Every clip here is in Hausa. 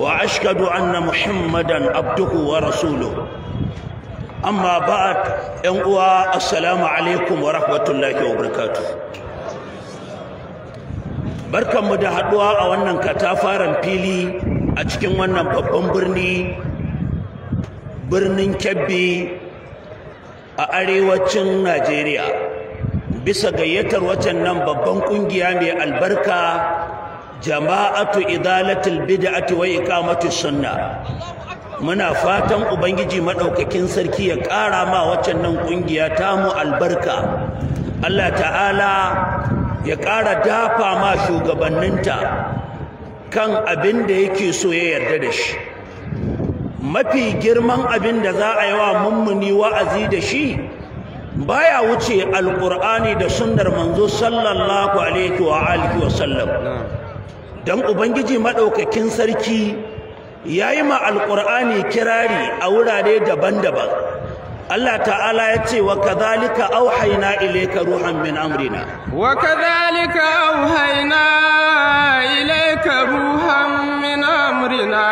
وأشهد أن محمدا عبده ورسوله أما بعد uwa السلام عليكم ورحمة الله وبركاته barkan mu da haduwa a wannan katafaren fili a cikin wannan babban birni birnin Kebbi a arewacin Najeriya bisa gayyatar wacan nan babban kungiya mai albarka jama'atu idalatul bid'ati wa iqamatus sunna muna fatan ubangiji madaukakin sarki ya ƙara ma waccan nan kungiya mu albarka Allah ta'ala ya ƙara dafa ma shugabanninta kan abin da yake so ya yarda da shi mafi girman abin da za a yi wa mummuni wa'azi da shi baya wuce alqur'ani da sunnar manzo sallallahu alaihi wa alihi wa sallam don ubangiji maɗaukakin sarki ya yi ma alƙur'ani kirari a wurare daban-daban Allah ta'ala ya ce wa kadhalika auhayna ilayka ruhan min amrina wa kadhalika auhayna ilayka ruhan min amrina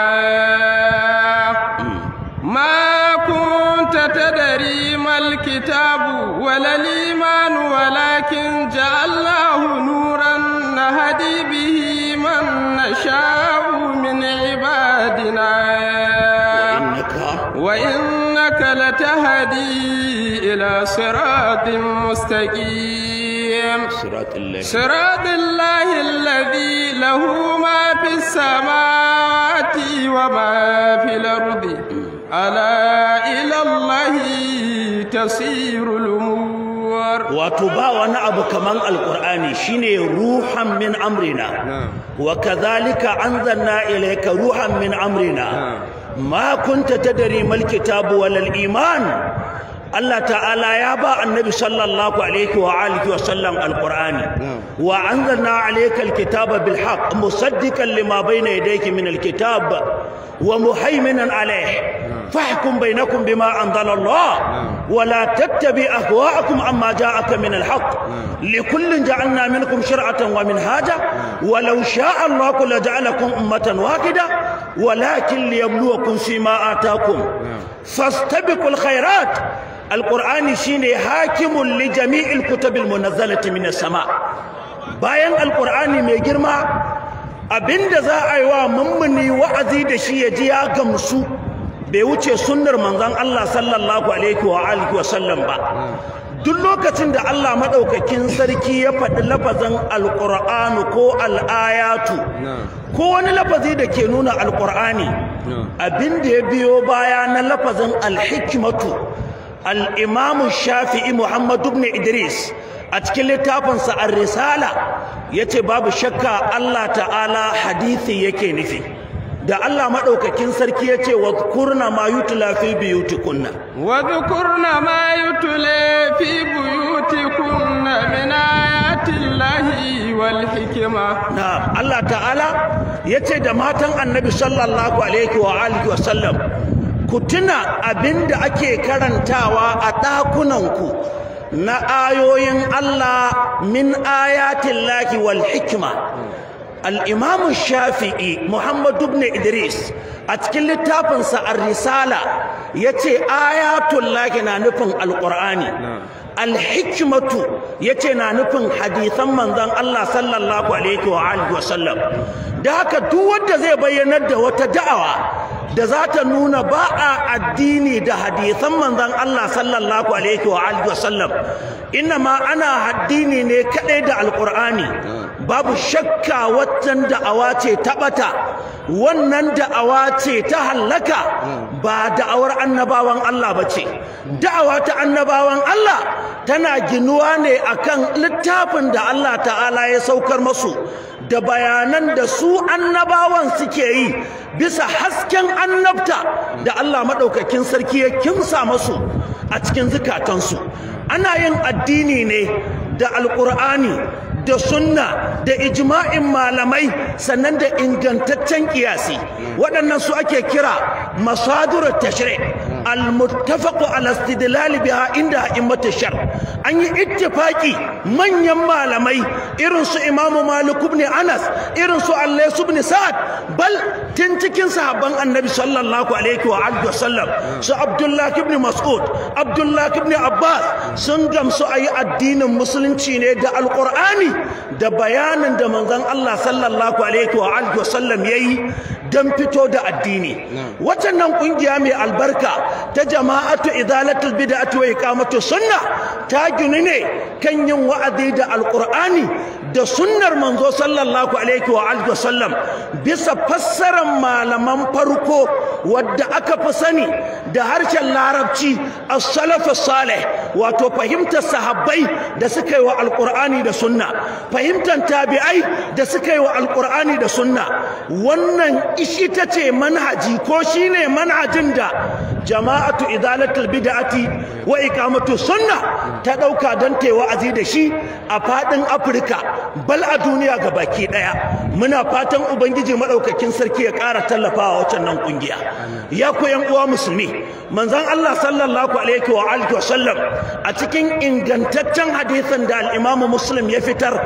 ma kunta tadri mal kitabu wala al iman walakin ja'alnahu nuran nahdi bihi من نشاء من عبادنا وإنك لتهدي إلى صراط مستقيم صراط الله صراط الله الذي له ما في السماوات وما في الأرض ألا إلى الله تصير الأمور akbar wato ba wani abu kaman alkur'ani shine ruhan min amrina wa kadhalika anzalna ilayka ruhan min amrina ma kunta tadri mal kitabu wal iman الله تعالى يابا النبي صلى الله عليه وآله وسلم القرآن نعم. وأنزلنا عليك الكتاب بالحق مصدقا لما بين يديك من الكتاب ومهيمنا عليه نعم. فاحكم بينكم بما أنزل الله نعم. ولا تتبع أهواءكم عما جاءك من الحق لكل جعلنا منكم شرعة ومنهاجا ولو شاء الله لجعلكم أمة واحدة ولكن ليبلوكم فيما آتاكم فاستبقوا الخيرات alqur'ani shine hakimun li jami'il kutubil munazzalati minas sama bayan alqur'ani mai girma abinda za a yi wa mummuni wa'azi da shi ya ji ya gamsu bai wuce sunnar manzon Allah sallallahu alaihi wa alihi ba duk lokacin da Allah maɗaukakin sarki ya faɗi lafazin alqur'anu ko al'ayatu ko wani lafazi da ke nuna alqur'ani abinda ya biyo baya na lafazin Alhikimatu. al shafi'i muhammadu ibn idris a cikin littafinsa a risala ya ce babu shakka Allah ta'ala hadithi yake nufi da Allah maɗaukakin sarki ya ce wa kurna ma yutula fi biyutikunna wa kurna ma yutula fi biyutikunna min ayatillahi wal hikima na Allah ta'ala ya ce da matan annabi sallallahu alaihi wa alihi wa sallam ku tuna abinda ake karantawa a ɗakunanku na ayoyin Allah min ayatin laki wal hikima al'imamun shafi'i Muhammadu ibn Idris a cikin littafinsa a risala ya ce ayatun laki na nufin alƙur'ani ya yace na nufin hadisan manzon Allah sallallahu alaihi wa alihi wa sallam da haka duk wanda zai bayyanar da wata da'awa da za ta nuna ba a addini da hadisan manzon Allah sallallahu alaihi wa alihi wa sallam inna ma ana addini ne kadai da alqur'ani babu shakka watan da'awa ce ta bata wannan da'awa ce ta hallaka ba da'awar annabawan Allah ba ce da'awa ta annabawan Allah tana ginuwa ne akan littafin da Allah ta'ala ya saukar masu da bayanan da su annabawan suke yi bisa hasken annabta da Allah maɗaukakin sarki ya kimsa masu a cikin zukatansu ana yin addini ne da alqur'ani da sunna da ijma'in malamai sannan da ingantaccen kiyasi waɗannan su ake kira masadurut tashri' almuttafaqu ala istidlal biha inda a'immatu shar an yi ittifaki manyan malamai irin su Imam Malik Anas irin su Allah Sa'ad bal tun cikin sahaban Annabi sallallahu alaihi wa alihi wasallam su Abdullah ibn Mas'ud Abdullah ibn Abbas sun gamsu ayi addinin musulunci ne da alƙur'ani da bayanin da manzon Allah sallallahu alaihi wa alihi wasallam yayi don fito da addini wacannan kungiya mai albarka ta jama'atu izalatul bid'ati wa iqamatu sunna ta gini ne kan yin wa'azi da alqur'ani da sunnar manzo sallallahu alaihi wa alihi wasallam bisa fassarar malaman farko wadda aka fi sani da harshen larabci as-salaf salih wato fahimtar sahabbai da suka yi wa alqur'ani da sunna fahimtar tabi'ai da suka yi wa alqur'ani da sunna wannan ishi ta ce manhaji ko shine manhajin da jama'atu idalatul bid'ati wa mutu sunna ta ɗauka dan ta wa'azi da shi a fadin Afirka bal a duniya ga baki ɗaya muna fatan ubangiji maɗaukakin sarki ya ƙara tallafawa waccan nan ƙungiya ya ku yan uwa musulmi manzon Allah sallallahu alaihi wa alihi wa sallam a cikin ingantaccen hadisin da al'imamu Muslim ya fitar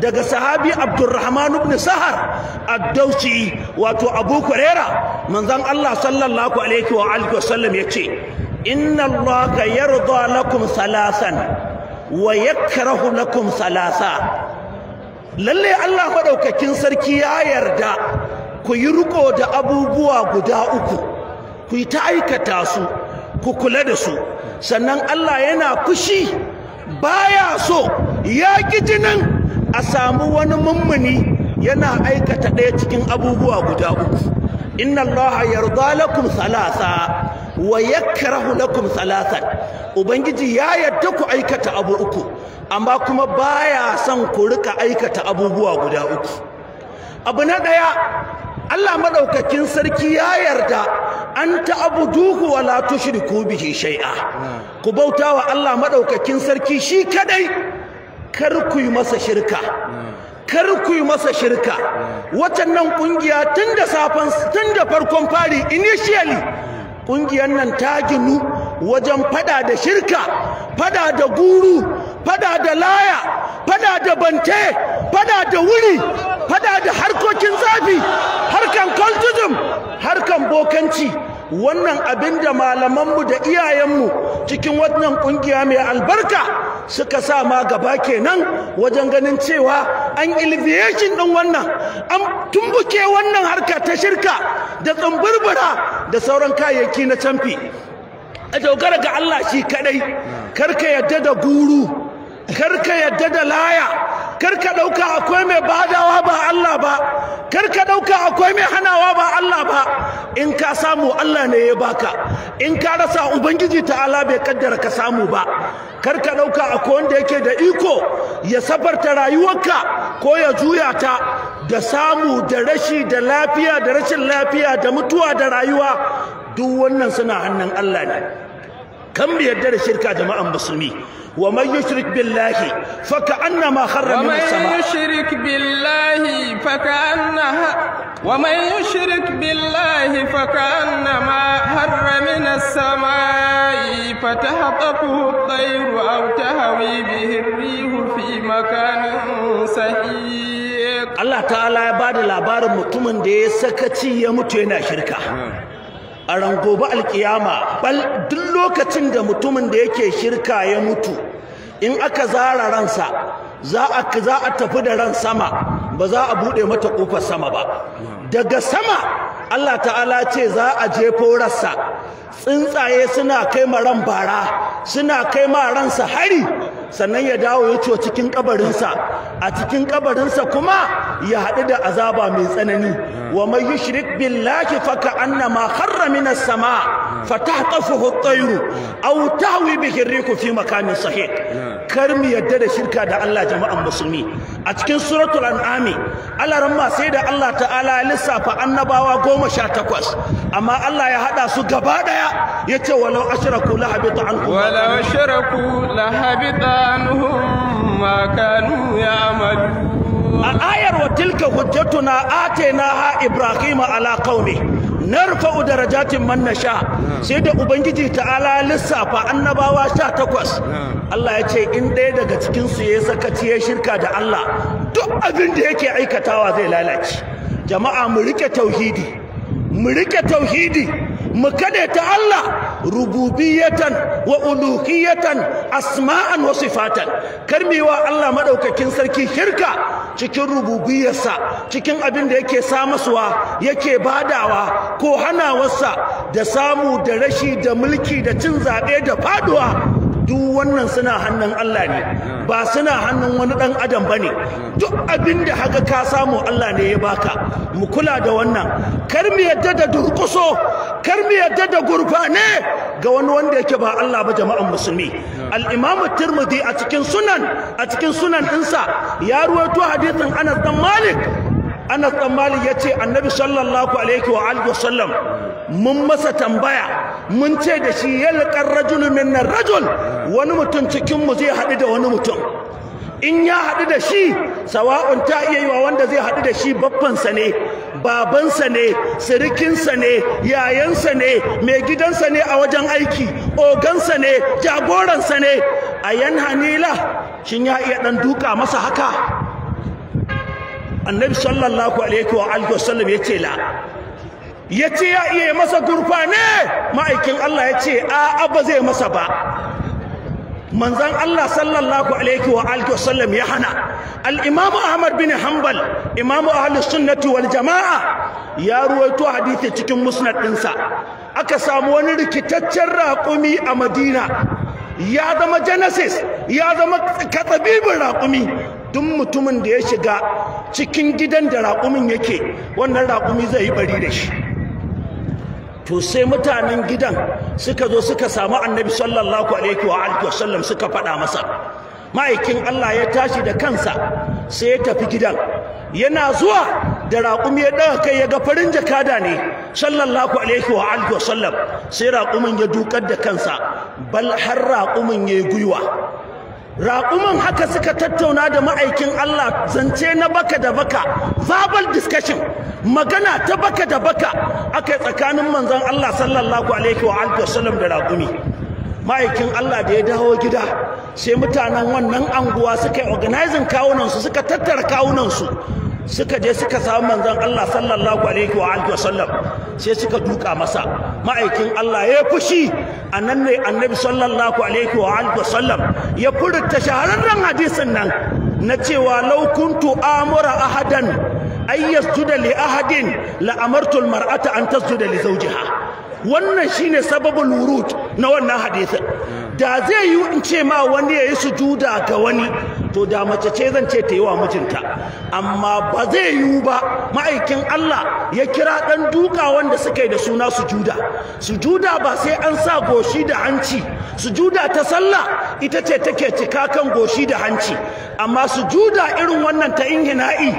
daga sahabi Abdurrahman ibn Sahar ad-Dawsi wato abu kurera manzan Allah sallallahu alaihi wa alihi wasallam yace inna allaha yarda lakum salasan wa yakrahu lakum salasa lalle Allah madaukakin sarki ya yarda ku yi riko da abubuwa guda uku ku yi ta aikata su ku kula da su sannan Allah yana kushi baya so ya ki jinin a samu wani mummuni yana aikata ɗaya cikin abubuwa guda uku inna allaha yarda lakum salasa wa yakrahu lakum salasan ubangiji ya yadda ku aikata abu uku amma kuma baya son ku rika aikata abubuwa guda uku abu na ɗaya Allah madaukakin sarki ya yarda an ta'buduhu wa la tushriku bihi shay'a ku bautawa Allah madaukakin sarki shi kadai kar ku yi masa shirka kar ku yi masa shirka watannan kungiya tun da safan tun da farkon fari initially ƙungiyar nan ta ginu wajen fada da shirka fada da guru fada da laya fada da bante fada da wuri fada da harkokin zafi harkan cultism harkan bokanci wannan abin da malamanmu da iyayenmu cikin wannan kungiya mai albarka suka sa ma gaba kenan wajen ganin cewa an ilviyashin ɗin wannan an tumbuke wannan harka ta shirka da tsumburbura da sauran kayayyaki na camfi a dogara ga Allah shi kadai karka yadda da guru karka yadda da laya karka ɗauka akwai mai badawa ba Allah ba karka ɗauka akwai mai hanawa ba Allah ba in ka samu Allah ne ya baka in ka rasa ubangiji ta'ala bai kaddara ka samu ba karka ɗauka akwai wanda yake da iko ya sabarta rayuwarka ko ya juya ta da samu da rashi da lafiya da rashin lafiya da mutuwa da rayuwa duk wannan suna hannun Allah ne kan bi yarda da shirka jama'an musulmi ومن يشرك بالله فكأنما خر من السماء ومن يشرك بالله فكأنها ومن يشرك بالله فكأنما هر من السماء فتهطفه الطير أو تهوي به الريح في مكان سهيق الله تعالى بعد labarin mutumin da ya sakaci ya mutu yana shirka a gobe alkiyama bal duk lokacin da mutumin da yake shirka ya mutu in aka zara ransa za a za a tafi da ran sama ba za a bude mata kofar sama ba daga sama Allah ta'ala ce za a jefo rassa tsuntsaye suna kai ma ran bara suna kai ma ransa hari sannan ya dawo ya ciwo cikin kabarinsa a cikin kabarinsa kuma ya haɗu da azaba mai tsanani wa mai yushrik billahi faka annama kharra minas sama fatahtafuhu at-tayru aw tahwi bihi ar-rihu fi makanin sahih kar mu yadda da shirka da Allah jama'an musulmi a cikin suratul an'ami Allah ramma sai da Allah ta'ala lissafa annabawa goma goma sha takwas amma Allah ya haɗa su gaba ɗaya ya ce walau ashiraku la habita an walau ashiraku la habita anhum ma kanu ya'malu a ayar wa tilka hujjatuna atainaha ibrahima ala qaumi narfa'u darajatin man nasha sai da ubangiji ta'ala lissafa annabawa sha takwas Allah ya ce in ɗaya daga cikin su ya sakaci ya shirka da Allah duk abin da yake aikatawa zai lalace jama'a mu rike tauhidi mu rike tauhidi mu kade ta Allah rububiyatan wa uluhiyatan asma'an wa sifatan kar wa Allah madaukakin sarki shirka cikin rububiyarsa cikin abin da yake samaswa yake badawa ko hanawarsa da samu da rashi da mulki da cin zabe da faduwa duk wannan suna hannun Allah ne ba suna hannun wani dan adam bane duk abinda haka ka samu Allah ne ya baka mu kula da wannan kar mu yadda da durkuso kar mu yadda da gurfane ga wani wanda yake ba Allah ba jama'an musulmi al-Imam Tirmidhi a cikin sunan a cikin sunan ɗinsa ya ruwaito hadisin Anas bin Malik Anas bin Malik yace Annabi sallallahu alaihi wa alihi wasallam mun masa tambaya mun ce da shi yalqar rajul min rajul wani mutum cikin mu zai haɗu da wani mutum in ya haɗu da shi sawa'un ta iya yi wa wanda zai haɗu da shi sa ne babansa ne sirikinsa ne yayansa ne mai gidansa ne a wajen aiki ogansa ne jagoransa ne a yan hanila shin ya iya ɗan duka masa haka annabi sallallahu alaihi wa alihi wasallam ya la ya ce ya iya masa gurfa ne. ma'aikin Allah ya ce a'a ba zai masa ba manzan Allah sallallahu alaihi wa alihi wasallam ya hana al-imamu Ahmad bin Hanbal imamu ahli sunnati wal jama'a ya ruwaito hadisi cikin musnad ɗinsa aka samu wani rikitaccen raƙumi a Madina ya zama genesis ya zama katsabibin raƙumi duk mutumin da ya shiga cikin gidan da raƙumin yake wannan raƙumi zai yi bari da shi to sai mutanen gidan suka zo suka samu annabi sallallahu alaihi wa alihi wasallam suka faɗa masa ma'aikin Allah ya tashi da kansa sai ya tafi gidan yana zuwa da raƙumi ya ɗaga kai ya ga farin jakada ne sallallahu alaihi wa alihi wasallam sai raƙumin ya dukar da kansa bal har raƙumin ya yi gwiwa raƙuman haka suka tattauna da ma'aikin Allah zance na baka da baka verbal discussion magana ta baka da baka akayi tsakanin manzon Allah sallallahu alaihi wa alihi wasallam da raƙumi ma'aikin Allah da ya dawo gida sai mutanen wannan anguwa suka yi organizing kawunan su suka tattara kawunan su suka je suka samu manzon Allah sallallahu alaihi wa alihi wasallam sai suka duka masa ma'aikin Allah ya fushi anan ne annabi sallallahu alaihi wa alihi wasallam ya furta shahararren hadisin nan na cewa law kuntu amura ahadan ay yasjuda li ahadin la amartu al mar'ata an tasjuda li zawjiha wannan shine sababul wurud na wannan hadisin da zai yi in ce ma wani ya yi sujuda ga wani to da mace ce zan ce ta yi wa mijinta amma ba zai yiwu ba ma'aikin Allah ya kira ɗan duka wanda suka yi da suna su juda su juda ba sai an sa goshi da hanci su juda ta sallah ita ce take cika kan goshi da hanci amma su juda irin wannan ta inhina'i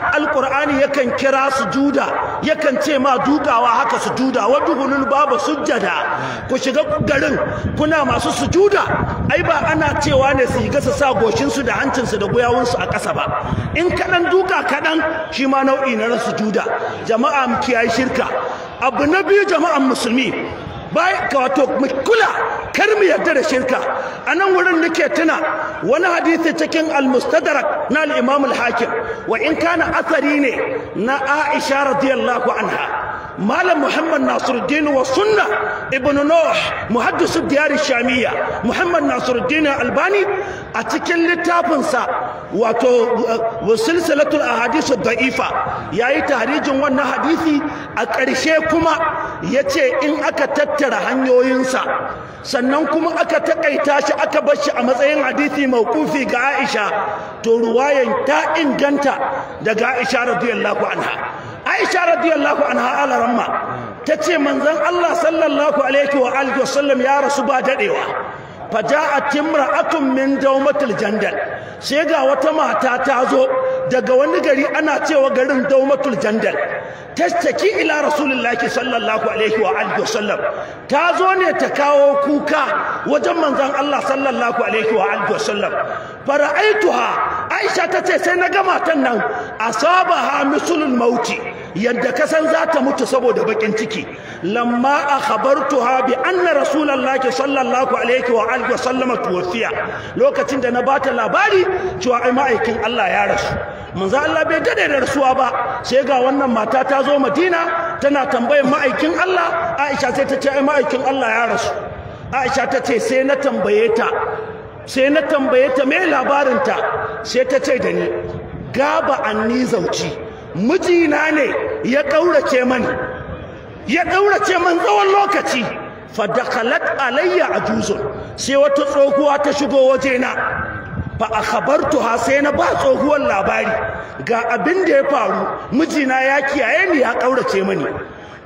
alkur'ani yakan kira sujuda yakan ce ma dukawa haka sujuda waduhulul babu sujjada ku shiga garin kuna masu sujuda ai ba ana cewa ne su shiga su sa goshinsu da hancinsu da guyawun a ƙasa ba in kaɗan duka kaɗan shi ma nau'i na sujuda jama'a mu kiyaye shirka abu na biyu jama'an musulmi bai kawato mai kula kar mu yarda da shirka a nan wurin nake tuna wani hadisi cikin al na al-imam wa in kana athari ne na aisha radiyallahu anha malam muhammad nasiruddin wa sunna ibnu nuh diyar shamiyya muhammad nasiruddin albani a cikin littafin sa wato silsilatul ahadith da'ifa yayi tahrijin wannan hadisi a ƙarshe kuma ya ce in aka tatt tattara hanyoyinsa sannan kuma aka takaita shi aka bar shi a matsayin hadisi mauqufi ga Aisha to ruwayan ta inganta daga Aisha radiyallahu anha Aisha radiyallahu anha ala ramma tace manzon Allah sallallahu alaihi wa alihi wasallam ya rasu ba dadewa faja'at imra'atun min daumatil jandal sai ga wata mata ta zo daga wani gari ana cewa garin daumatul jandal tashtaki ila rasulullahi sallallahu alaihi wa alihi wasallam ta zo ne ta kawo kuka wajen manzon Allah sallallahu alaihi wa alihi wasallam fara'aituha aisha tace sai na ga matan nan asabaha mislul mauti yadda san za ta mutu saboda bakin ciki lamma akhbartuha bi anna rasulullahi sallallahu alaihi wa alihi wa sallama lokacin da na bata labari cewa ai ma'aikin Allah ya rasu manzo Allah bai dade da rasuwa ba sai ga wannan mata ta zo Madina tana tambayar ma'aikin Allah Aisha sai ta ce ai ma'aikin Allah ya rasu Aisha ta ce sai na tambaye ta sai na tambaye ta me labarinta sai ta ce da ni gaba ni zauci mijina ne ya ƙaurace mani ya ƙaurace man tsawon lokaci fadakalat alayya a ajuzun sai wata tsohuwa ta shigo wajena fa tuha sai na ba tsohuwar labari ga abin da ya faru mijina ya kiyaye ni ya ƙaurace mani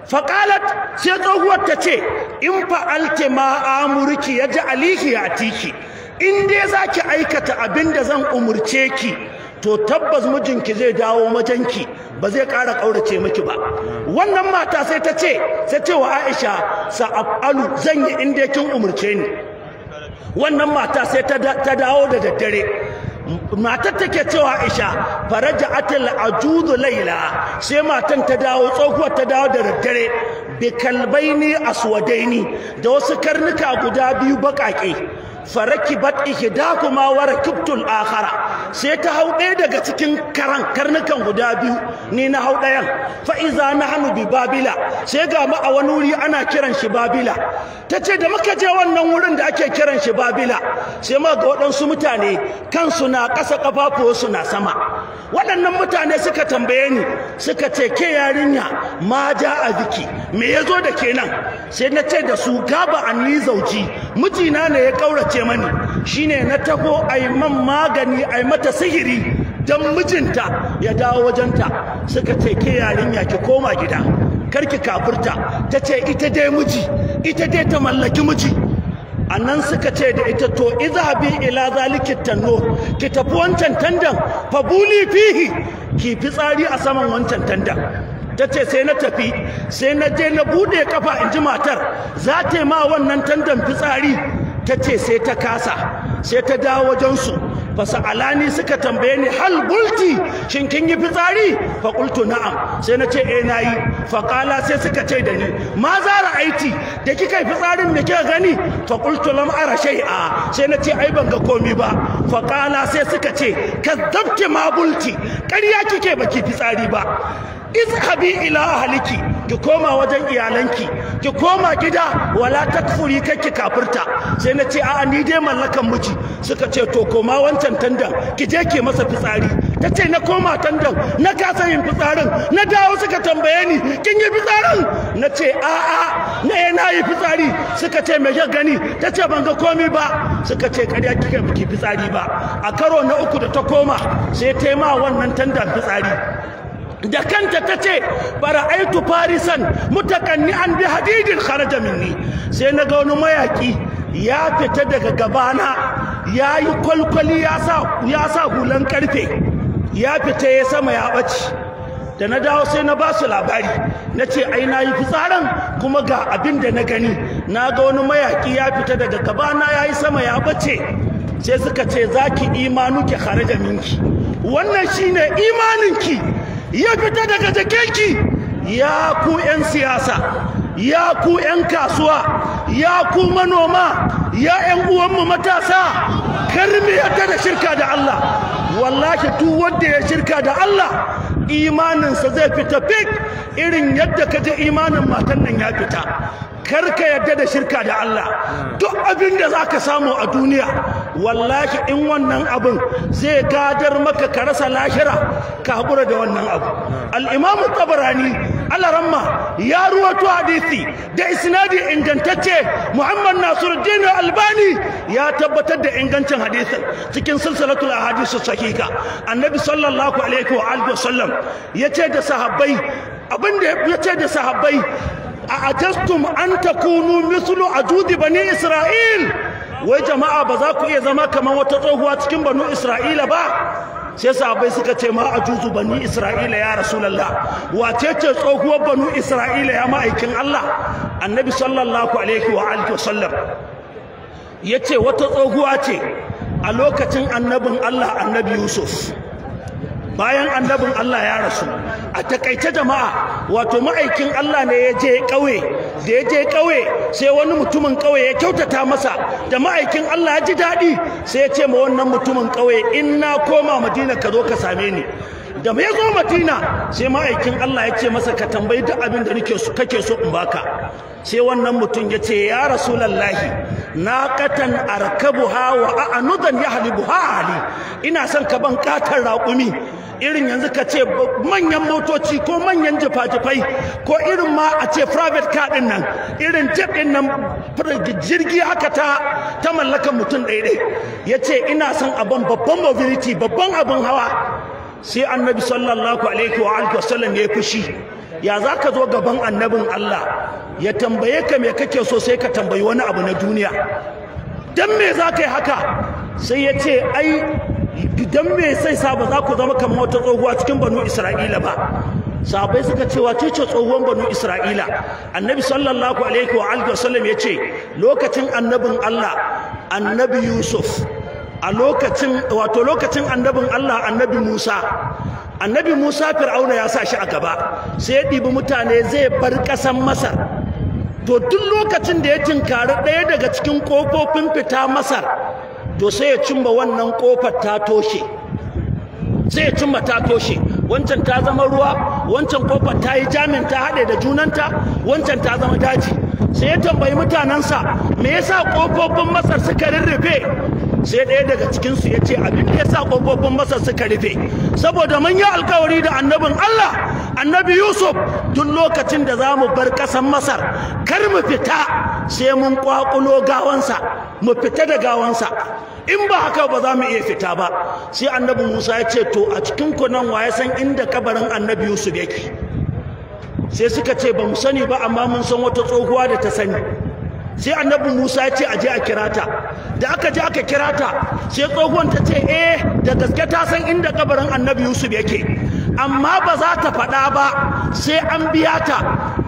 faƙalat sai tsohuwar ta ce in fa'alte ma amurki ya ji aliki ya tiki in dai za ki aikata abin da zan umurce ki to tabbas mijinki zai dawo majanki ba zai ƙara ƙaurace miki ba wannan mata sai ta ce sai ce wa Aisha sa'alu zan yi inda kin umurce ni wannan mata sai ta dawo da daddare matar take cewa Aisha faraja atil ajudu laila sai matan ta dawo tsohuwar ta dawo da daddare bi kalbaini aswadaini da wasu karnuka guda biyu baƙaƙe. farakibat ihdakuma wa rakibtul akhara sai ta hau ɗaya daga cikin karan karnukan guda biyu ni na hau ɗayan fa iza nahnu bi babila sai ga mu a wani wuri ana kiran shi babila tace da muka je wannan wurin da ake kiran shi babila sai ma ga waɗansu mutane kansu na ƙasa su na sama waɗannan mutane suka tambaye ni suka ce ke yarinya ma ja a biki me yazo da kenan sai na ce da su gaba anni zauji mijina ne ya kaurace ce mani shine na taho ai man magani ai mata sihiri dan mijinta ya dawo wajenta suka ce ke yarinya ki koma gida karki kafurta ta ce ita dai miji ita dai ta mallaki miji annan suka ce da ita to izhabi ila zaliki tanno ki tafi wancan tandan fa buli fihi ki fitsari a saman wancan tandan ta ce sai na tafi sai na je na bude kafa in ji matar za ta yi ma wannan tandan fitsari ta ce sai ta kasa sai ta dawo wajensu su alani suka tambaye ni hal bulti. shin kin yi fitsari fa qultu na'am sai na ce eh nayi fa qala sai suka ce da ni ma za ra'aiti da kika yi fitsarin me kika gani fa qultu lam ara shay'a sai na ce ai ban ga komi ba fa qala sai suka ce kazzabti ma bulti. ƙarya kike baki fitsari ba izhabi ila ahliki ki koma wajen iyalanki ki koma gida wala takfuri kake kafirta sai na ce a'a ni dai mallakan miji suka ce to koma wancan tandan ki je ki masa fitsari ta ce na koma tandan na kasa yin fitsarin na dawo suka tambaye ni kin yi fitsarin na ce a'a na yi eh, na yi fitsari suka ce me ya gani ta ce ban ga komai ba suka ce kariya kika biki fitsari ba a karo na uku da ta koma sai ta yi ma wannan tandan fitsari da kanta ta ce aitu farisan mutakanni an bi hadidin kharaja minni sai na ga wani mayaki ya fita daga gabana ya yi kwalkwali ya sa hulan karfe ya fita ya sama ya ɓaci da na dawo sai na ba su labari na ce ai na yi fitsarin kuma ga abin da na gani na ga wani mayaki ya fita daga gabana ya yi sama ya ɓace sai suka ce za ki imanu ki kharaja minki wannan shine imaninki ya fita daga jakenki ya ku 'yan siyasa ya ku 'yan kasuwa ya ku manoma ya 'yan uwanmu matasa kar mu yarda da shirka da Allah wallahi duk wanda ya shirka da Allah imaninsa zai fita fik irin yadda ka je imanin matan nan ya fita kar ka yarda da shirka da Allah duk abin da za ka samu a duniya wallahi in wannan abin zai gadar maka ka rasa lahira ka haƙura da wannan abu al-imam tabarani alaramma ya ruwato hadisi da isnadi ingantacce muhammad nasiruddin albani ya tabbatar da ingancin hadisin cikin silsilatul ahadith sahiha annabi sallallahu alaihi wa alihi wasallam ce da sahabbai a yace da sahabbai a ajastum an takunu mislu ajudi bani isra'il wai jama'a ba za ku iya zama kamar wata tsohuwa cikin banu isra'ila ba sai sahabbai suka ce ma ajuzu banu isra'ila ya rasulullah wace ce tsohuwar banu isra'ila ya ma'aikin Allah annabi sallallahu alaihi wa alihi wasallam yace wata tsohuwa ce a lokacin annabin Allah annabi Yusuf bayan annabin Allah ya rasu a takaice jama'a wato ma'aikin Allah ne ya je ƙauye da ya je ƙauye sai wani mutumin ƙauye ya kyautata masa da ma'aikin Allah ya ji daɗi sai ya ce ma wannan mutumin ƙauye in na koma Madina ka zo ka same ni da ya zo Madina sai ma'aikin Allah ya ce masa ka tambayi duk abin da nake so kake so in baka sai wannan mutum ya ce ya na katan arkabuha wa a'nudan yahlibuha ali ina son ka ban katar raƙumi irin yanzu ka ce manyan motoci ko manyan jifa-jifai ko irin ma a ce private car din nan irin jet din nan jirgi haka ta ta mallakan mutum ɗaya ya ce ina son abin babban mobility babban abin hawa sai annabi sallallahu alaihi wa alihi wasallam ya fushi ya za ka zo gaban annabin Allah ya tambaye ka me kake so sai ka tambayi wani abu na duniya dan me za ka yi haka sai ya ce ai idan me sai sa ba za ku zama kamar wata tsohuwa cikin banu isra'ila ba sabai suka ce wace ce tsohuwan banu isra'ila annabi sallallahu alaihi wa alihi wasallam ya ce lokacin annabin allah annabi yusuf a lokacin wato lokacin annabin allah annabi musa annabi musa fir'auna ya sa shi a gaba sai ya ɗibi mutane zai bar ƙasan masar to duk lokacin da ya tinkari ɗaya daga cikin ƙofofin fita masar to sai ya cimma wannan kofar ta toshe sai ya cimma ta toshe wancan ta zama ruwa wancan kofar ta yi jamin ta haɗe da junanta wancan ta zama daji sai ya tambayi mutanensa me yasa kofofin masar suka rurrufe? sai ɗaya daga cikinsu ya ce abin da ya sa ƙofofin Masar suka rufe saboda mun yi alkawari da annabin Allah annabi Yusuf tun lokacin da za mu bar ƙasar Masar kar mu fita sai mun kwakulo gawansa mu fita da gawansa in ba haka ba za mu iya fita ba sai annabi Musa ya ce to a cikin ku nan waye san inda kabarin annabi Yusuf yake sai suka ce ba mu sani ba amma mun san wata tsohuwa da ta sani sai annabi Musa ya ce a je a kirata da aka je aka kira ta sai tsohuwan ta ce eh da gaske ta san inda kabarin annabi Yusuf yake amma ba za ta faɗa ba sai an biya ta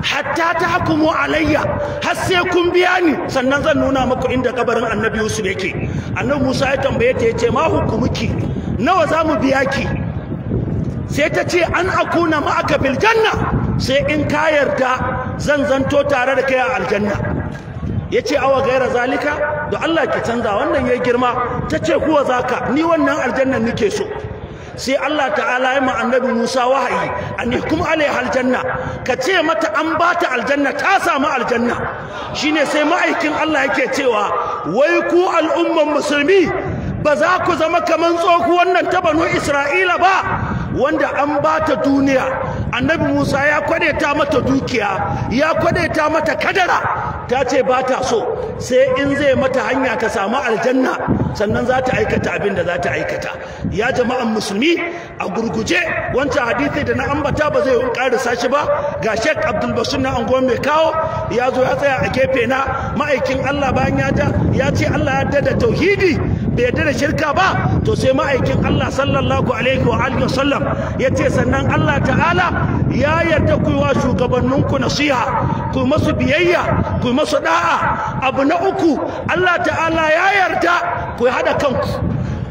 hatta ta hakumo alayya har sai kun biya ni sannan zan nuna muku inda kabarin annabi Yusuf yake annabi Musa ya tambaye ta yace ma hukumuki nawa za mu biya ki sai ta ce an akuna ma'aka bil janna sai in ka yarda zan zanto tare da kai a aljanna Ya yace awa gaira zalika da Allah ki canza wannan ya girma ta ce kuwa zaka ni wannan aljannan nake so sai Allah ta'ala ya ma annabi Musa wahayi an hukum alai aljanna ka ce mata an bata aljanna ta samu aljanna shine sai ma'aikin Allah yake cewa wai ku al'umman musulmi ba za ku zama kaman tsokuwan nan ta banu Isra'ila ba wanda an bata duniya annabi Musa ya kwadaita mata dukiya ya kwadaita mata kadara ta ce ba ta so sai in zai mata hanya ta samu aljanna sannan za ta aikata abin da za ta aikata ya jama'an musulmi a gurguje wancan hadithi da na ambata ba zai karisa shi ba ga shek abdulbasir na anguwa mai kawo ya zo ya tsaya a gefe na ma'aikin allah bayan ya ce allah ya da tauhidi bai yarda da shirka ba to sai ma'aikin Allah sallallahu alaihi wa alihi wasallam yace sannan Allah ta'ala ya yarda ku wa shugabanninku nasiha ku masu biyayya ku masu da'a abu na uku Allah ta'ala ya yarda ku hada kanku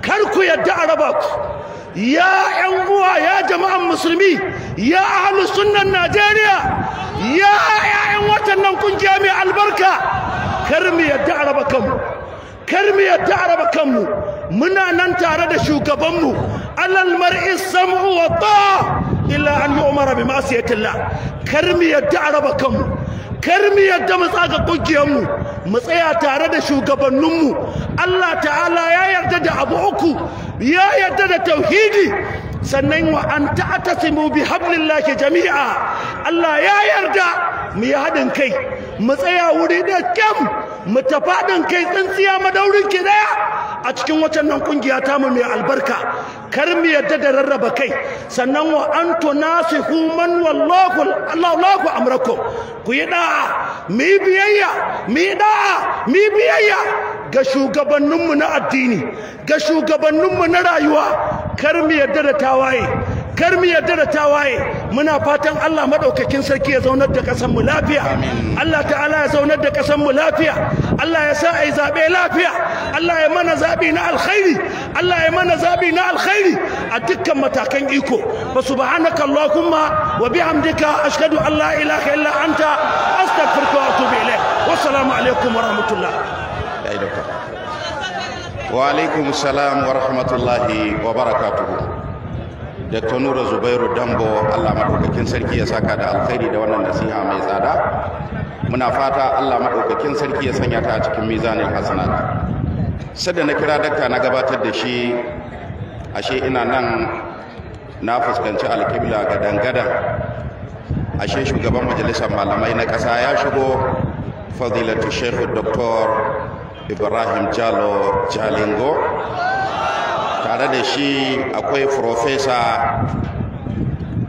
kar ku yarda a raba ku ya yan uwa ya jama'an musulmi ya ahlus sunnan Najeriya ya 'ya'yan watan nan kungiya mai albarka kar mu yarda a raba kanmu kar mu yadda raba kanmu muna nan tare da shugabanmu alal mar'i sam'u wa ta'a illa an yu'mara bi ma'siyatillah kar mu yadda araba kanmu kar mu yadda mu tsaga kungiyarmu mu tsaya tare da shugabanninmu Allah ta'ala ya yarda da abu uku ya yarda da tauhidi sannan wa an simu bi hablillahi jami'a Allah ya yarda mu yi haɗin kai mu tsaya wuri da kyam mu tafaɗin kai tsintsiya madaurin ki daya a cikin waccan nan kungiya mu mai albarka kar mu yadda da rarraba kai sannan wa antu nasihu human wallahu Allahu amrakum ku yi da'a mu yi biyayya mu yi da'a mu yi biyayya ga shugabanninmu na addini ga shugabanninmu na rayuwa kar mu yadda da tawaye kar mu yarda da tawaye muna fatan Allah madaukakin sarki ya zaunar da kasan mu lafiya Allah ta'ala ya zaunar da kasan mu lafiya Allah ya sa ai zabe lafiya Allah ya mana zabi na alkhairi Allah ya mana zabi na alkhairi a dukkan matakan iko ba subhanaka allahumma wa bihamdika ashhadu an la ilaha illa anta astaghfiruka wa atubu ilaik wassalamu alaikum wa rahmatullah wa alaikum salam wa rahmatullahi wa barakatuh dr nura zubairu dambo allah maɗaukakin sarki ya saka da alkhairi da wannan nasiha mai tsada muna fata allah maɗaukakin sarki ya sanya ta a cikin mizanin sai sadda na kira dakta na gabatar da shi ashe ina nan na fuskanci alkibla ga dangada ashe shugaban majalisar malamai na ƙasa ya shigo fadilatu shehu dr ibrahim jalo jalingo tare da shi akwai Profesa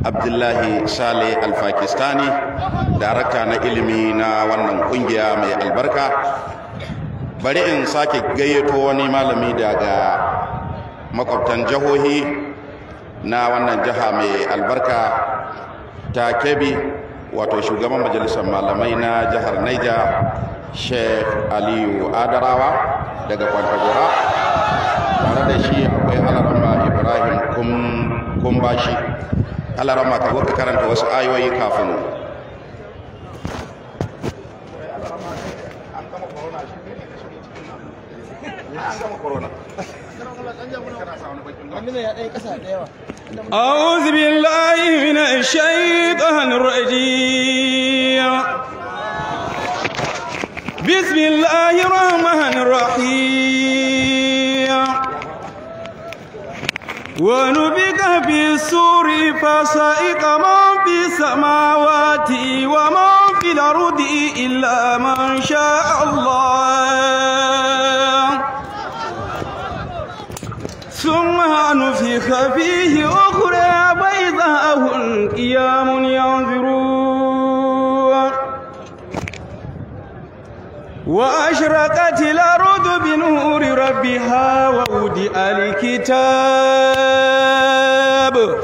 Abdullahi Sale Alfakistani, darakta na ilimi na wannan kungiya mai albarka. Bari in sake gayyato wani malami daga makwabtan jihohi na wannan jiha mai albarka ta kebi wato shugaban majalisar malamai na jihar Niger Sheikh Aliyu Adarawa daga Kwantagora tare da shi akwai alarama ibrahim kumbashi alarama ka karanta wasu ayoyi kafin أعوذ بالله من الشيطان الرجيم بسم الله الرحمن الرحيم ونبك في السور فسائق من في السماوات ومن في الأرض إلا من شاء الله ثم نفخ فيه أخرى بيضاء قيام ينظرون وأشرقت الأرض بنور ربها وودئ الكتاب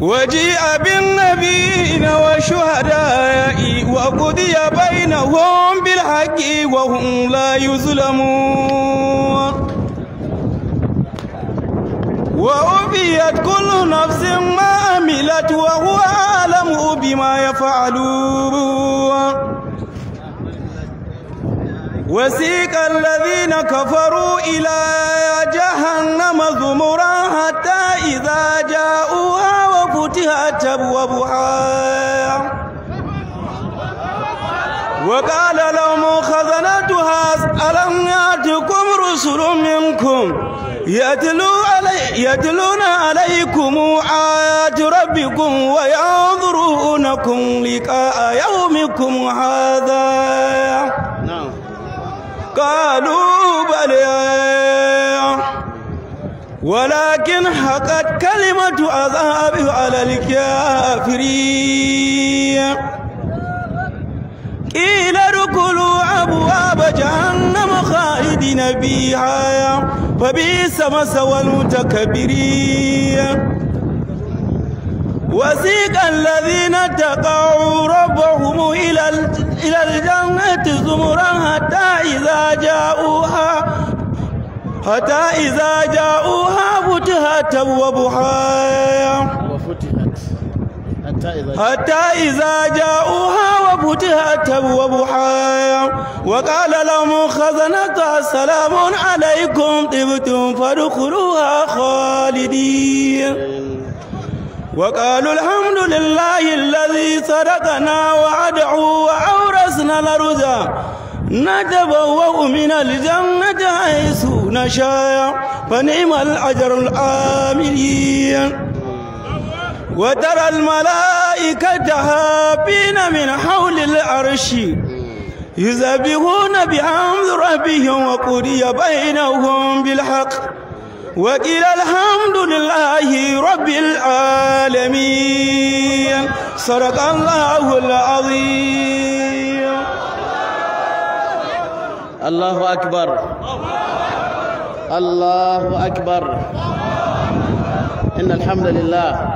وجيء بالنبيين والشهداء وقضي بينهم بالحق وهم لا يظلمون وأبيت كل نفس ما عملت وهو أعلم بما يفعلون وسيق الذين كفروا إلى جهنم زمرا حتى إذا جاءوها وفتحت أبوابها وقال لهم خزنتها ألم يأتكم رسل منكم يتلو علي يتلون عليكم آيات ربكم وينظرونكم لقاء يومكم هذا نعم قالوا بل ولكن حقت كلمة عذاب على الكافرين إلى ركل أبواب جهنم خالدين فيها فبئس مثوى المتكبرين وسيق الذين تقعوا ربهم إلى إلى الجنة زمرا حتى إذا جاءوها حتى إذا جاءوها فتحت وبحايا حتى إذا جاءوها وفتحت أبوابها وقال لهم خزنتها سلام عليكم طبتم فادخلوها خالدين وقالوا الحمد لله الذي صدقنا وعدعوا وأورثنا الأرض نتبوأ من الجنة حيث نشاء فنعم الأجر العاملين وترى الملائكة هابين من حول العرش يذبحون بحمد ربهم وقضي بينهم بالحق وقيل الحمد لله رب العالمين صدق الله العظيم الله أكبر الله أكبر إن الحمد لله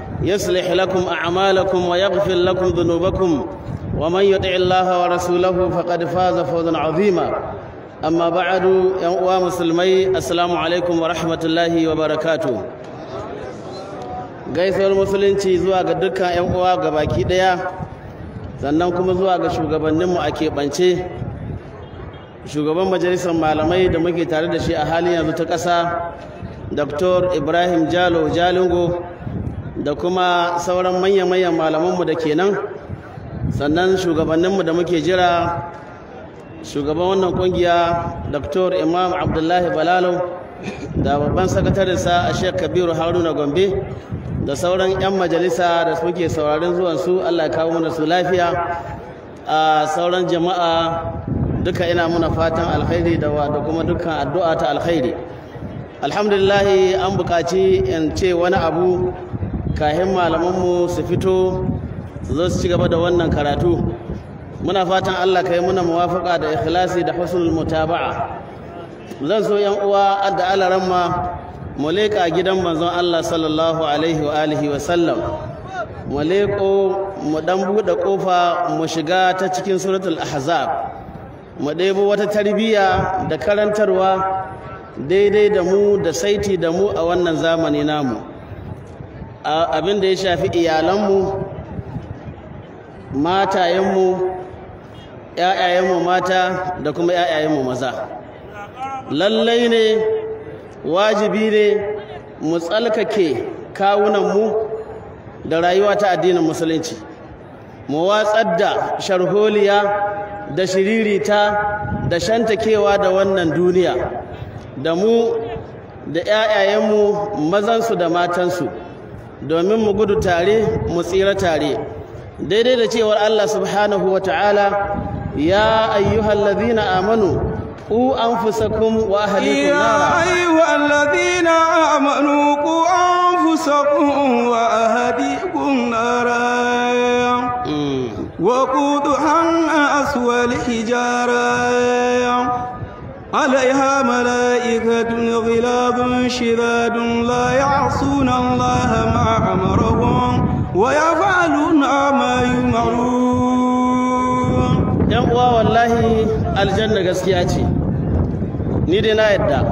يصلح لكم أعمالكم ويغفر لكم ذنوبكم ومن يطع الله ورسوله فقد فاز فوزا عظيما أما بعد يا مسلمي السلام عليكم ورحمة الله وبركاته gaisuwar musulunci zuwa ga dukkan 'yan uwa ga baki ɗaya sannan kuma zuwa ga shugabanninmu a keɓance shugaban majalisar malamai da muke tare da shi a halin yanzu ta ƙasa dr ibrahim jalo jalingo da kuma sauran manyan-manyan malamanmu da kenan sannan shugabanninmu da muke jira shugaban wannan kungiya dr imam abdullahi balalo da babban sakatarinsa a shek kabiru haruna gombe da sauran 'yan majalisa da suke saurarin zuwansu allah kawo mana su lafiya a sauran jama'a duka ina muna fatan alkhairi da wa, da kuma dukkan addu'a ta alkhairi alhamdulillahi an buƙaci in ce wani abu kahin malamanmu su fito su zo su ci gaba da wannan karatu muna fatan Allah kai yi muna muwafaka da ikhlasi da husnul mutaba'a zan so yan uwa da alaran ma mu leƙa gidan manzon Allah sallallahu alaihi wa alihi wa sallam mu leƙo mu dan buɗe ƙofa mu shiga ta cikin suratul ahzab mu ɗebo wata tarbiyya da karantarwa daidai da mu da saiti da mu a wannan zamani namu abin da ya shafi iyalanmu matayenmu ‘ya'yayenmu mata da kuma ‘ya'yayenmu maza lallai ne wajibi ne mu tsalkake kawunanmu da rayuwa ta addinin musulunci mu watsar da sharholiya da shiririta da shantakewa da wannan duniya da mu da ‘ya'yayenmu mazansu da matansu domin mu gudu tare mu tsira tare daidai da cewar Allah subhanahu wa ta'ala ya ayyuhallazina amanu قوا أنفسكم وأهليكم نارا يا أيها الذين wa قوا أنفسكم وأهليكم نارا وقودها الناس والحجارة عليها ملائكة غلاظ شداد لا يعصون الله ما أمرهم ويفعلون ما يمرون يا والله الجنة قسياتي نيدنا نايدا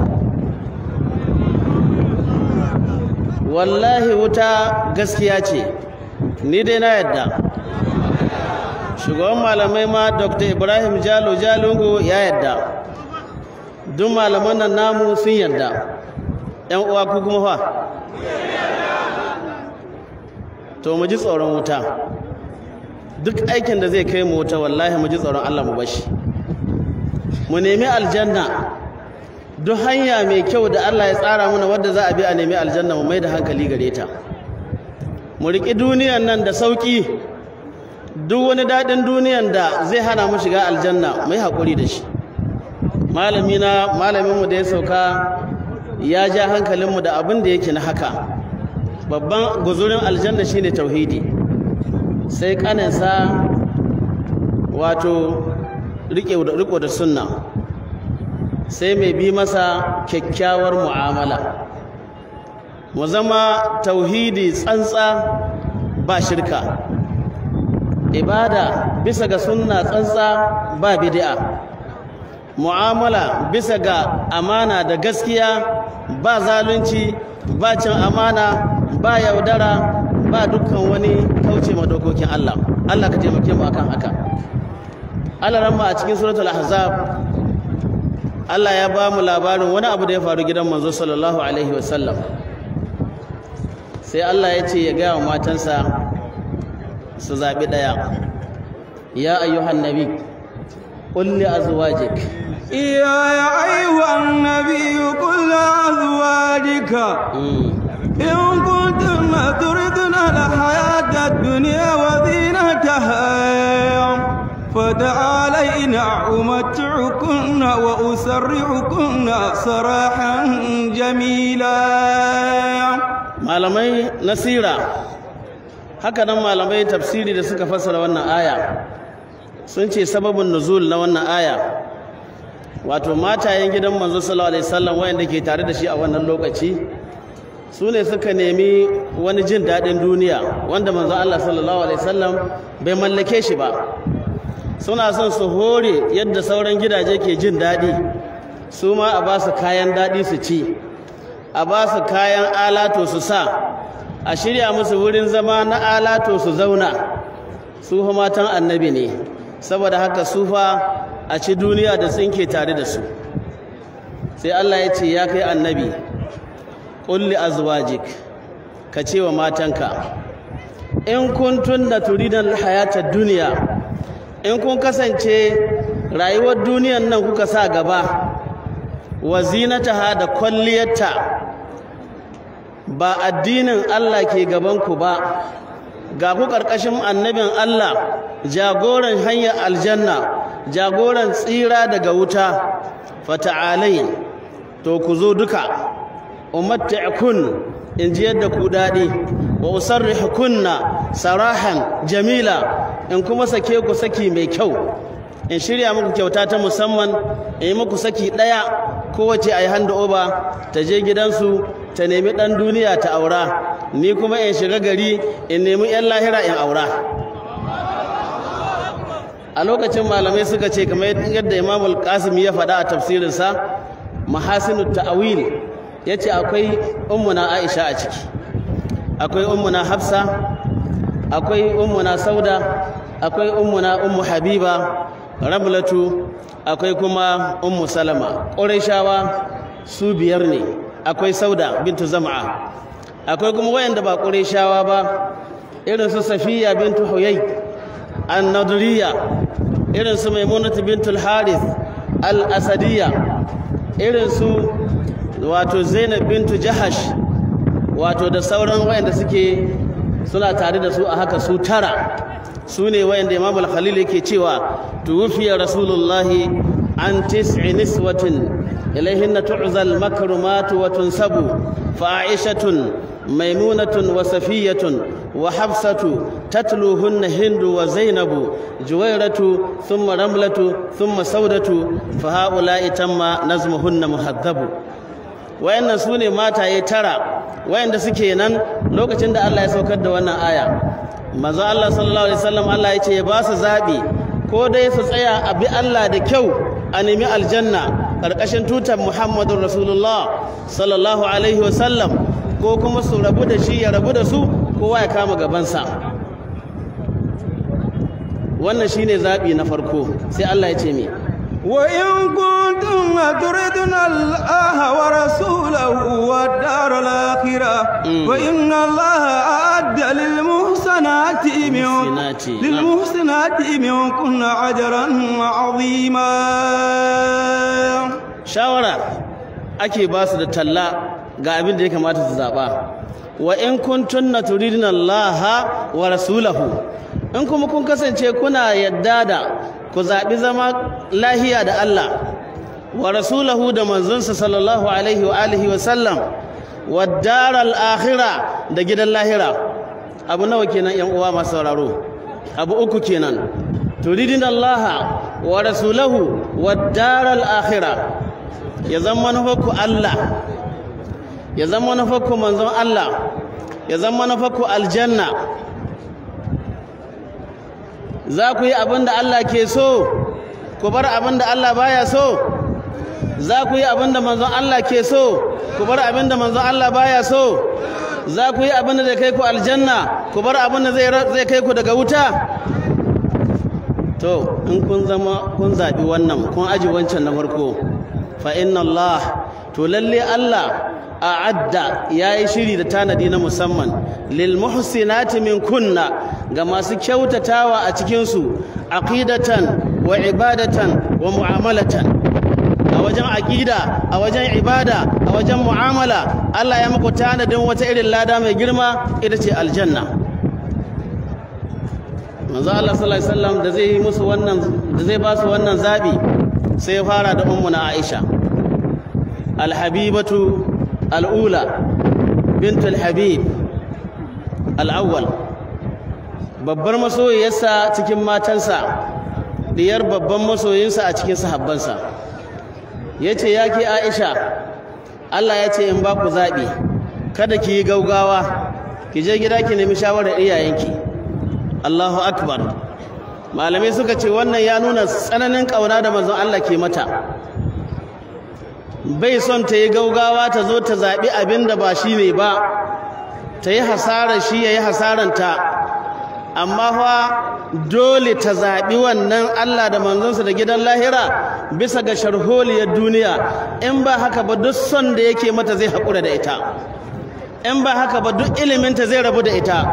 والله wuta قسياتي نيدنا ni شكرا na yadda shugaban malamai ma جالو ibrahim jalo Dun malaman nan namu sun yarda yan uwa ku kuma fa to mu ji tsoron wuta duk aikin da zai kai mu wuta wallahi mu ji tsoron Allah mu bashi mu nemi aljanna duk hanya mai kyau da Allah ya tsara mana wadda za a bi a nemi aljanna mu maida da hankali gare ta mu riki duniyan nan da sauki duk wani daɗin duniyan da zai hana mu shiga aljanna mu yi haƙuri da shi malamina malaminmu da ya sauka ya ja hankalinmu da abin da yake na haka babban guzurin aljanna shine tauhidi sai kaninsa wato riko da sunna sai mai bi masa kyakkyawar mu'amala mu zama tauhidi tsantsa ba shirka ibada bisa ga sunna tsantsa ba bid'a mu'amala bisa ga amana da gaskiya ba zalunci ba cin amana ba yaudara ba dukkan wani kauce ma dokokin Allah Allah ka taimake mu akan haka Allah ramma a cikin suratul ahzab Allah ya ba mu labarin wani abu da ya faru gidan manzo sallallahu alaihi wasallam sai Allah ya ce ya gaya matansa su zaɓi ɗaya ya ayyuhan nabiy قل لأزواجك يا أيها النبي قل لأزواجك إن كنتن تردن الحياة الدنيا وزينتها فتعالين أمتعكن وأسرعكن سراحا جميلا malamai nasira haka nan malamai tafsiri da suka fassara wannan aya sun ce sababin nuzul na wannan aya wato matayen gidan manzo sallallahu alaihi wasallam wayanda ke tare da shi a wannan lokaci su ne suka nemi wani jin daɗin duniya wanda manzo Allah sallallahu alaihi wasallam bai mallake shi ba suna son su hore yadda sauran gidaje ke jin daɗi su ma a ba su kayan daɗi su ci a ba su kayan alato su sa a shirya musu wurin zama na alato su zauna su matan annabi ne saboda haka sufa a ci duniya da tsinke tare da su sai Allah ya ce ya kai annabi qul azwajik ka ce wa matanka in kuntun da turidan hayatar duniya in kun kasance rayuwar duniyan nan kuka sa gaba wa zinataha da kwalliyarta ba addinin Allah ke gabanku ba ga ku ƙarƙashin annabin Allah jagoran hanyar aljanna jagoran tsira daga wuta fata'alai to ku zo duka umatti'kun in ji yadda ku daɗi wa usarrihkunna sarahan jamila in kuma sake ku saki mai kyau in shirya muku kyauta ta musamman in yi muku saki ɗaya kowace a yi hand ta je gidansu ta nemi ɗan duniya ta aura ni kuma in shiga gari in nemi 'yan lahira in aura a lokacin malamai suka ce kamar yadda imam al-qasim ya faɗa a tafsirinsa mahasinu ta'awil ya ce akwai ummuna aisha a ciki akwai ummuna hafsa akwai ummuna sauda akwai ummuna ummu habiba ramlatu akwai kuma ummu salama shawa su biyar ne akwai sauda bintu Zama'a. akwai kuma wayanda ba shawa ba irin su safiya bintu huyay an-nadriya irin su maimunatu Haris al-asadiyya irin wato zainab bintu jahash wato da sauran wayanda suke suna tare da su a haka su tara su ne wayanda imam al-khalil yake cewa tuwfiya rasulullahi an tis'i niswatin ilaihin tu'zal makrumatu wa tunsabu fa aishatun maimunatun wa safiyatun wa hafsatu tatluhunna hindu wa zainabu juwairatu thumma ramlatu thumma saudatu fa haula'i tamma nazmuhunna muhaddabu wayannan sune mataye tara wayanda suke nan lokacin da Allah ya saukar da wannan aya maza Allah sallallahu alaihi wasallam Allah ya ce ya ba su zabi ko dai su tsaya a bi Allah da kyau a nemi aljanna ƙarƙashin tutar Muhammadu Rasulullah sallallahu alaihi wasallam ko kuma su rabu da shi ya rabu da su kowa ya kama gabansa wannan shine zaɓi na farko sai Allah ya ce me وإن كنتم تردن الله ورسوله والدار الآخرة وإن الله أعد للمحسنات منكم للمحسنات منكن أجرا عظيما شاورا ake ba da talla ga abin da ya kamata su zaɓa wa in kuntunna turidin Allah wa rasulahu in kuma kun kasance kuna yadda da ku zaɓi zama lahiya da Allah wa rasulahu da manzonsa sallallahu alaihi wa alihi wa sallam wa daral akhira da gidan lahira abu nawa kenan yan uwa masu sauraro abu uku kenan turidin Allah wa rasulahu wa daral akhira ya zama nufarku Allah ya zama nufarku manzon Allah ya zama nufarku aljanna za ku yi abin da Allah ke so ku bar abin da Allah baya so za ku yi abin da manzon Allah ke so ku bar abin da manzon Allah baya so za ku yi abin da zai kai ku aljanna ku bar abin da zai kai ku daga wuta to in kun zama kun zaɓi wannan kun aji wancan na farko fa inna Allah to lalle Allah a'adda yayi shiri da tanadi na musamman lil muhsinati min kunna ga masu kyautatawa a cikin su aqidatan wa ibadatan wa mu'amalatan a wajen aqida a wajen ibada a wajen mu'amala Allah ya muku tanadin wata irin lada mai girma ita ce aljanna manzo Allah sallallahu alaihi wasallam da zai musu wannan da zai ba su wannan zabi sai ya fara da ummu na Aisha alhabibatu الأولى بنت الحبيب الأول babbar masoyiyarsa cikin matansa diyar babban masoyinsa a cikin sahabbansa ya ce ya ke aisha allah ya ce in ba ku zaɓi kada ki yi gaugawa ki je gida ki nemi shawarar iyayenki allahu akbar malamai suka ce wannan ya nuna tsananin ƙauna da mazan allah ke mata bai son ta yi gaugawa ta zo ta zaɓi abin da ba shi ne ba ta yi hasarar shi ya yi hasaranta amma fa dole ta zaɓi wannan Allah da manzonsa da gidan lahira bisa ga sharholiyar duniya in ba haka ba duk son da yake mata zai haƙura da ita in ba haka ba duk iliminta zai rabu da ita